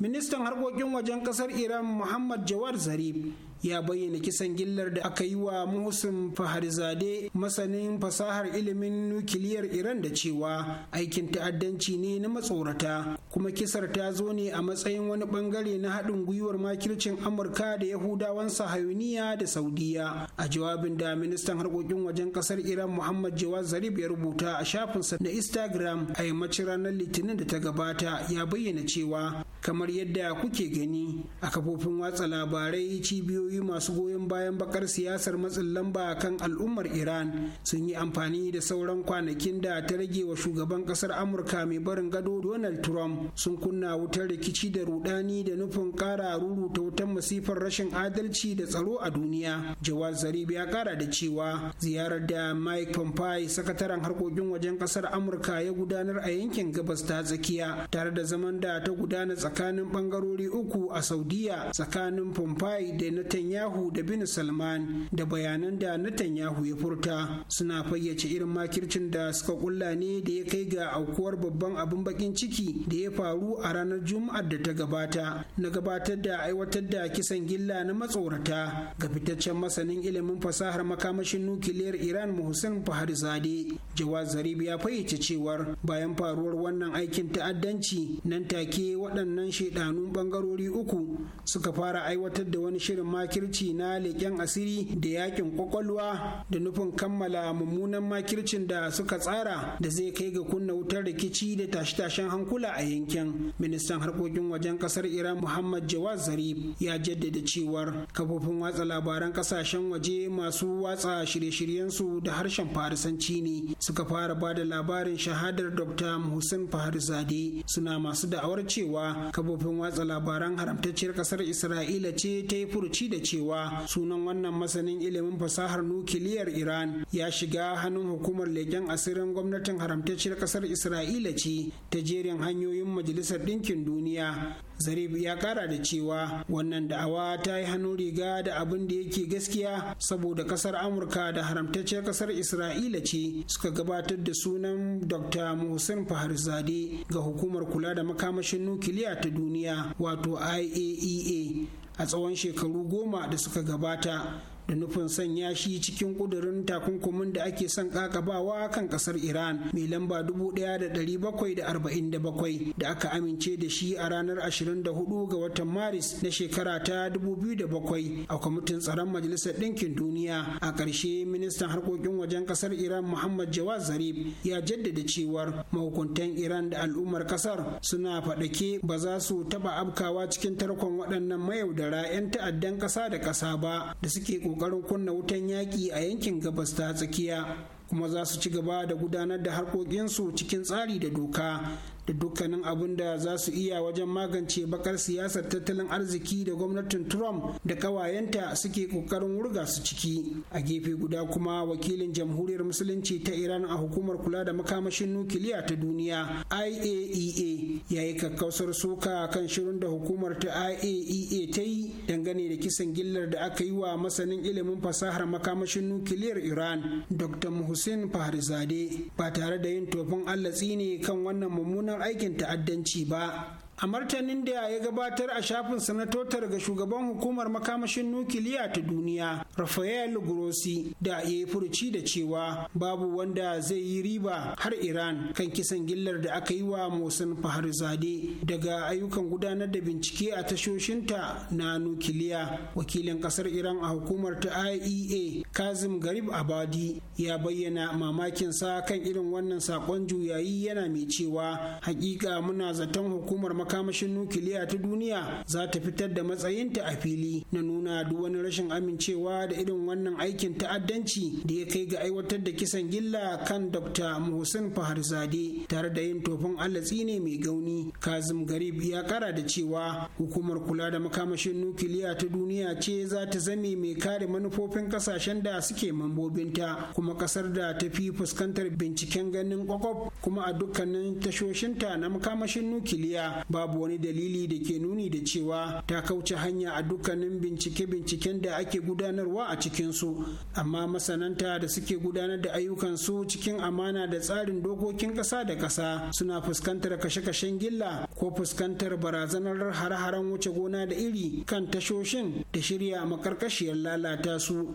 ministan harkokin wajen kasar iran muhammad jawar zarif ya bayyana kisan gillar da aka yi wa Muhsin Faharizade masanin fasahar ilimin nukiliyar Iran da cewa aikin ta'addanci ne na matsorata kuma kisar ta zo ne a matsayin wani bangare na haɗin gwiwar makircin Amurka da Yahudawan Sahayuniya da Saudiya a jawabin da ministan harkokin wajen kasar Iran Muhammad Jawad Zarif ya rubuta a shafinsa na Instagram a yammacin ranar Litinin da ta gabata ya bayyana cewa kamar yadda kuke gani a kafofin watsa labarai cibiyoyi kungiyoyi masu goyon bayan bakar siyasar matsin lamba kan al'ummar iran sun yi amfani da sauran kwanakin da ta rage wa shugaban kasar amurka mai barin gado donald trump sun kunna wutar rikici da rudani da nufin kara ruruta wutan masifar rashin adalci da tsaro a duniya jawar zarif ya kara da cewa ziyarar da mike pompeo sakataren harkokin wajen kasar amurka ya gudanar a yankin gabas ta tsakiya tare da zaman da ta gudana tsakanin bangarori uku a saudiya tsakanin pompeo da na Netanyahu da bin Salman da bayanan da Netanyahu ya furta suna fayyace irin makircin da suka kulla ne da ya kai ga aukuwar babban abin bakin ciki da ya faru a ranar Juma'ar da ta gabata na gabatar da aiwatar da kisan gilla na matsorata ga fitaccen masanin ilimin fasahar makamashin nukiliyar Iran Muhsin Fahrizade Jawaz Zarif ya fayyace cewar bayan faruwar wannan aikin ta'addanci nan take waɗannan shaidanun bangarori uku suka fara aiwatar da wani shirin makirci na leƙen asiri da yakin kwakwalwa da nufin kammala mummunan makircin da suka tsara da zai kai ga kunna wutar rikici da tashe-tashen hankula a yankin ministan harkokin wajen kasar iran muhammad jawad zarif ya jaddada cewar kafofin watsa labaran kasashen waje masu watsa shirye shiryen su da harshen farisanci ne suka fara ba da labarin shahadar dr muhsin faharzade suna masu da'awar cewa kafofin watsa labaran haramtacciyar kasar isra'ila ce ta yi furuci da cewa sunan wannan masanin ilimin fasahar nukiliyar Iran ya shiga hannun hukumar leƙen asirin gwamnatin haramtacciyar ƙasar Isra'ila ce ta jerin hanyoyin Majalisar Ɗinkin Duniya. Zarif ya ƙara da cewa wannan da'awa ta yi hannun riga da abin da yake gaskiya saboda ƙasar Amurka da haramtacciyar ƙasar Isra'ila ce suka gabatar da sunan Dr. Muhsin Faharzade ga hukumar kula da makamashin nukiliya ta duniya wato IAEA. E a tsawon shekaru goma da suka gabata da nufin sanya shi cikin kudurin takunkumin da ake son kakabawa kan kasar Iran mai lamba 1747 da aka amince da shi a ranar 24 ga watan Maris na shekara ta 2007 a kwamitin tsaron Majalisar Ɗinkin Duniya a ƙarshe ministan harkokin wajen kasar Iran Muhammad Jawad Zarif ya jaddada cewar mahukuntan Iran da al'ummar kasar suna faɗake ba za su taɓa abkawa cikin tarkon waɗannan mayaudara 'yan ta'addan ƙasa da ƙasa ba da suke ƙoƙarin kunna wutan yaƙi a yankin gabas ta tsakiya kuma za su ci gaba da gudanar da harkokinsu cikin tsari da doka da dukkanin abin da za su iya wajen magance bakar siyasar tattalin arziki da gwamnatin Trump da kawayenta suke kokarin wurga su ciki. A gefe guda kuma wakilin jamhuriyar musulunci ta Iran a hukumar kula da makamashin nukiliya ta duniya IAEA e ya yi kakkausar soka kan shirin da hukumar ta IAEA e ta yi dangane da kisan gillar da aka yi wa masanin ilimin fasahar makamashin nukiliyar Iran Dr. muhsin Fahrizade ba tare da yin tofin allatsi ne kan wannan mummunan aikin ta'addanci ba a martanin da ya gabatar a shafin sanatotar ga shugaban hukumar makamashin nukiliya ta duniya rafael grossi da ya yi furuci da cewa babu wanda zai yi riba har iran kan kisan gillar da aka yi wa mosan faharzade daga ayyukan gudanar da bincike a tashoshinta na nukiliya wakilin kasar iran a hukumar ta iea kazim garib abadi ya bayyana mamakinsa kan irin wannan saƙon juyayi yana mai cewa hakika muna zaton hukumar makamashin nukiliya ta duniya za ta fitar da matsayinta a fili na nuna duk wani rashin amincewa da irin wannan aikin ta'addanci da ya kai ga aiwatar da kisan gilla kan Dr. Muhsin Faharzade tare da yin tofin Allah ne mai gauni. Kazim Garib ya kara da cewa hukumar kula da makamashin nukiliya ta duniya ce za ta zame mai kare manufofin kasashen da suke mambobinta kuma kasar da ta fi fuskantar binciken ganin kwakwaf kuma a dukkanin tashoshinta na makamashin nukiliya babu wani dalili da ke nuni da cewa ta kauce hanya a dukkanin bincike-binciken da ake gudanarwa a cikinsu amma masananta da suke gudanar da ayyukansu cikin amana da tsarin dokokin ƙasa da ƙasa suna fuskantar kashe-kashen gilla ko fuskantar barazanar hare-haren wuce gona da iri kan tashoshin da shirya makarkashiyar lalata su.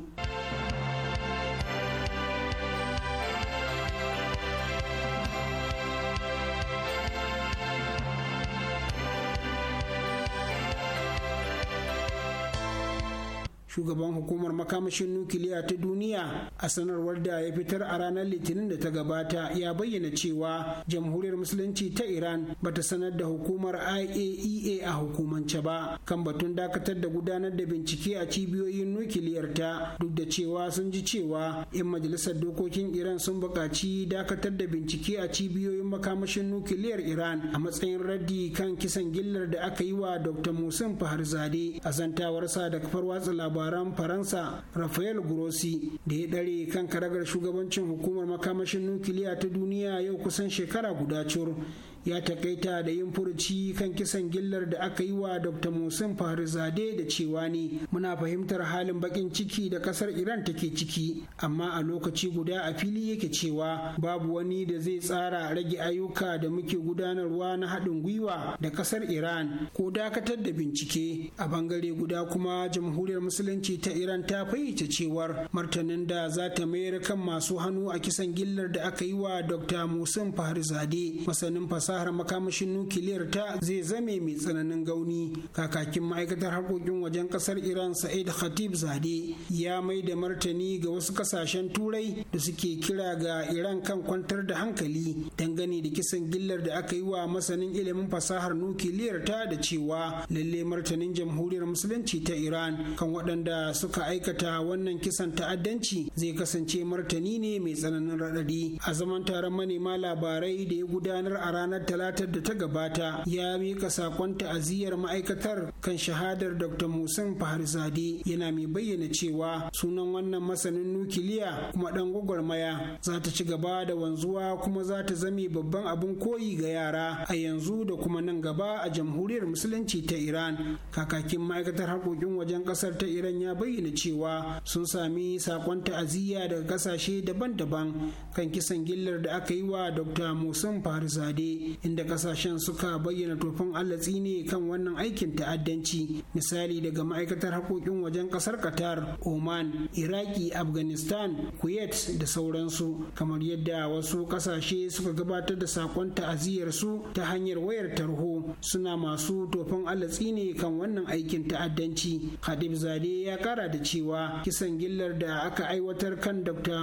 shugaban hukumar makamashin nukiliya ta duniya a sanarwar da ya fitar a ranar litinin da ta gabata ya bayyana cewa jamhuriyar musulunci ta iran bata sanar da hukumar iaea a hukumance ba kan batun dakatar da gudanar da bincike a cibiyoyin nukiliyar ta duk da cewa sun ji cewa 'yan majalisar dokokin iran sun buƙaci dakatar da bincike a cibiyoyin makamashin nukiliyar iran a matsayin raddi kan kisan gillar da aka yi wa dr musin faharzade a zantawarsa da kafar watsa labarai labaran faransa rafael grossi da ya dare kan karagar shugabancin hukumar makamashin nukiliya ta duniya yau kusan shekara guda cur ya takaita da yin furuci kan kisan gillar da aka yi wa dr musin farizade da cewa ne muna fahimtar halin bakin ciki da kasar iran take ciki amma a lokaci guda a fili yake cewa babu wani da zai tsara rage ayyuka da muke gudanarwa na haɗin gwiwa da kasar iran ko dakatar da bincike a bangare guda kuma jamhuriyar musulunci ta iran ta fayyace cewar martanin da za ta mayar kan masu hannu a kisan gillar da aka yi wa dr musin farizade masanin fasaha fasahar makamashin nukiliyar ta zai zame mai tsananin gauni kakakin ma'aikatar harkokin wajen kasar iran sa'id khatib zade ya mai da martani ga wasu kasashen turai da suke kira ga iran kan kwantar da hankali dangane da kisan gillar da aka yi wa masanin ilimin fasahar nukiliyar ta da cewa lalle martanin jamhuriyar musulunci ta iran kan waɗanda suka aikata wannan kisan ta'addanci zai kasance martani ne mai tsananin raɗaɗi a zaman taron manema labarai da ya gudanar a ranar talatar da ta gabata ya mika sakon ta'aziyar ma'aikatar kan shahadar dr musan faharzade yana mai bayyana cewa sunan wannan masanin nukiliya kuma dan gwagwarmaya za ta ci gaba da wanzuwa kuma za ta zame babban abin koyi ga yara a yanzu da kuma nan gaba a jamhuriyar musulunci ta iran kakakin ma'aikatar harkokin wajen kasar ta iran ya bayyana cewa sun sami sakon ta'aziyya daga kasashe daban-daban kan kisan gillar da aka yi wa dr musan faharzade inda kasashen suka bayyana tofin Allah tsine kan wannan aikin ta'addanci misali daga ma'aikatar harkokin wajen ƙasar qatar oman iraki afghanistan kuwait da sauransu kamar yadda wasu kasashe suka gabatar da sakon su ta hanyar wayar tarho suna masu tofin Allah tsine kan wannan aikin ta'addanci khadib zade ya kara da cewa kisan gillar da aka aiwatar kan dr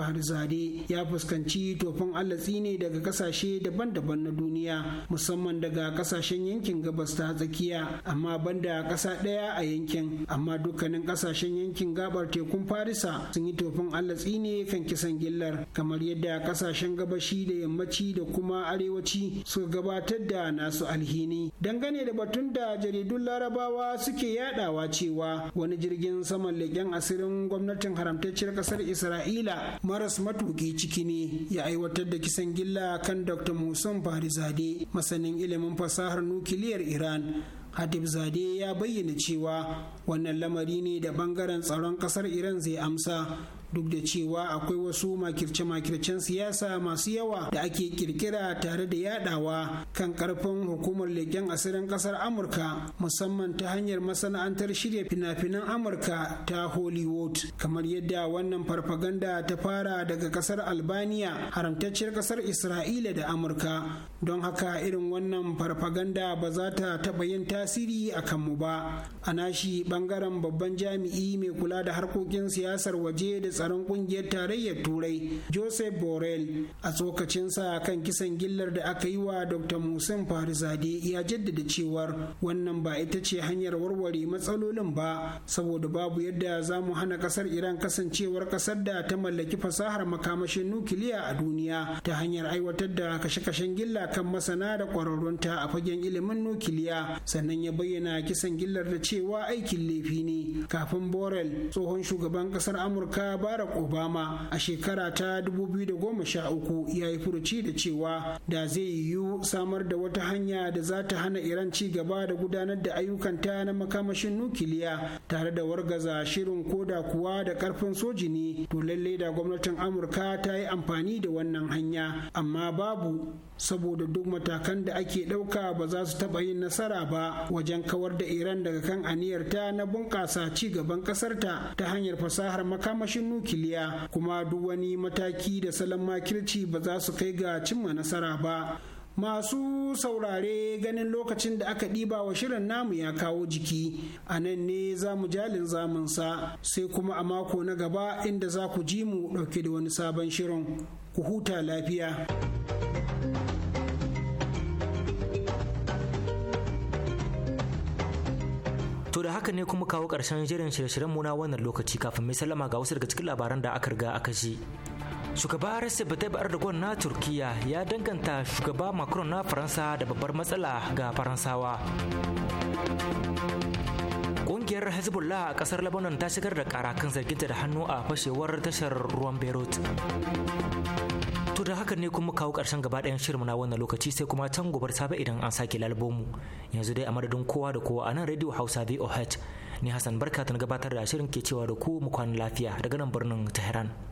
Fahar zade ya fuskanci tofin Allah tsine daga kasashe daban-daban daban na duniya musamman daga kasashen yankin gabas ta tsakiya amma banda kasa ɗaya a yankin amma dukkanin kasashen yankin gabar tekun farisa sun yi tofin allatsi ne kan kisan gillar kamar yadda kasashen gabashi da yammaci da kuma arewaci suka gabatar da nasu alhini dangane da batun da jaridun larabawa suke yadawa cewa wani jirgin saman leƙen asirin gwamnatin haramtacciyar ƙasar isra'ila maras matuki ciki ne ya aiwatar da kisan gilla kan dr musa kasim farizade masanin ilimin fasahar nukiliyar iran Hatib Zade ya bayyana cewa wannan lamari ne da bangaren tsaron kasar Iran zai amsa duk da cewa akwai wasu makirce-makircen siyasa masu yawa da ake kirkira tare da yadawa kan karfin hukumar leken asirin kasar amurka musamman ta hanyar masana'antar shirya fina-finan amurka ta hollywood kamar yadda wannan farfaganda ta fara daga kasar albania haramtacciyar kasar isra'ila da amurka don haka irin wannan farfaganda ba za ta taɓa yin tasiri a kanmu ba a nashi bangaren babban jami'i mai kula da harkokin siyasar waje da tsaron kungiyar tarayyar turai joseph borrell a tsokacinsa kan kisan gillar da aka yi wa dr musin farizade ya jaddada cewar wannan ba ita ce hanyar warware matsalolin ba saboda babu yadda za mu hana kasar iran kasancewar kasar da ta mallaki fasahar makamashin nukiliya a duniya ta hanyar aiwatar da kashe-kashen gilla kan masana da kwararrunta a fagen ilimin nukiliya sannan ya bayyana kisan gillar da cewa aikin laifi ne kafin borel tsohon shugaban kasar amurka ba barack obama a shekara ta 2013 ya yi furuci da cewa da zai yiwu samar da wata hanya da za ta hana iran ci gaba da gudanar da ayyukanta na makamashin nukiliya tare da wargaza shirin koda kuwa da karfin soji ne to lallai da gwamnatin amurka ta yi amfani da wannan hanya amma babu saboda duk matakan da ake ɗauka ba za su taɓa yin nasara ba wajen kawar da iran daga kan aniyarta na bunƙasa ci gaban ƙasarta ta hanyar fasahar makamashin nukiliya kuma duk wani mataki da salon makirci ba za su kai ga cimma nasara ba masu saurare ganin lokacin da aka ɗiba wa shirin namu ya kawo jiki a nan ne za mu jalin zamunsa sai kuma a mako na gaba inda za ku ji mu ɗauke da wani sabon shirin ku huta lafiya. haka ne kuma kawo ƙarshen jerin shirye-shiryen mu na wannan lokaci kafin mai sallama ga wasu daga cikin labaran da aka riga aka ji. Shugaba Recep Tayyip Erdogan na Turkiya ya danganta shugaba Macron na Faransa da babbar matsala ga Faransawa. Ƙungiyar Hezbollah a ƙasar Lebanon ta shigar da ƙara kan zarginta da hannu a fashewar tashar ruwan Beirut. To da hakan ne kuma kawo karshen gaba ɗayan shirin na wannan lokaci sai kuma can gobar safe idan an sake lalbomu yanzu dai a madadin kowa da kowa a nan radio Hausa VOH ni Hassan Barka ta gabatar da shirin ke cewa da ku mu kwana lafiya daga nan birnin Tehran.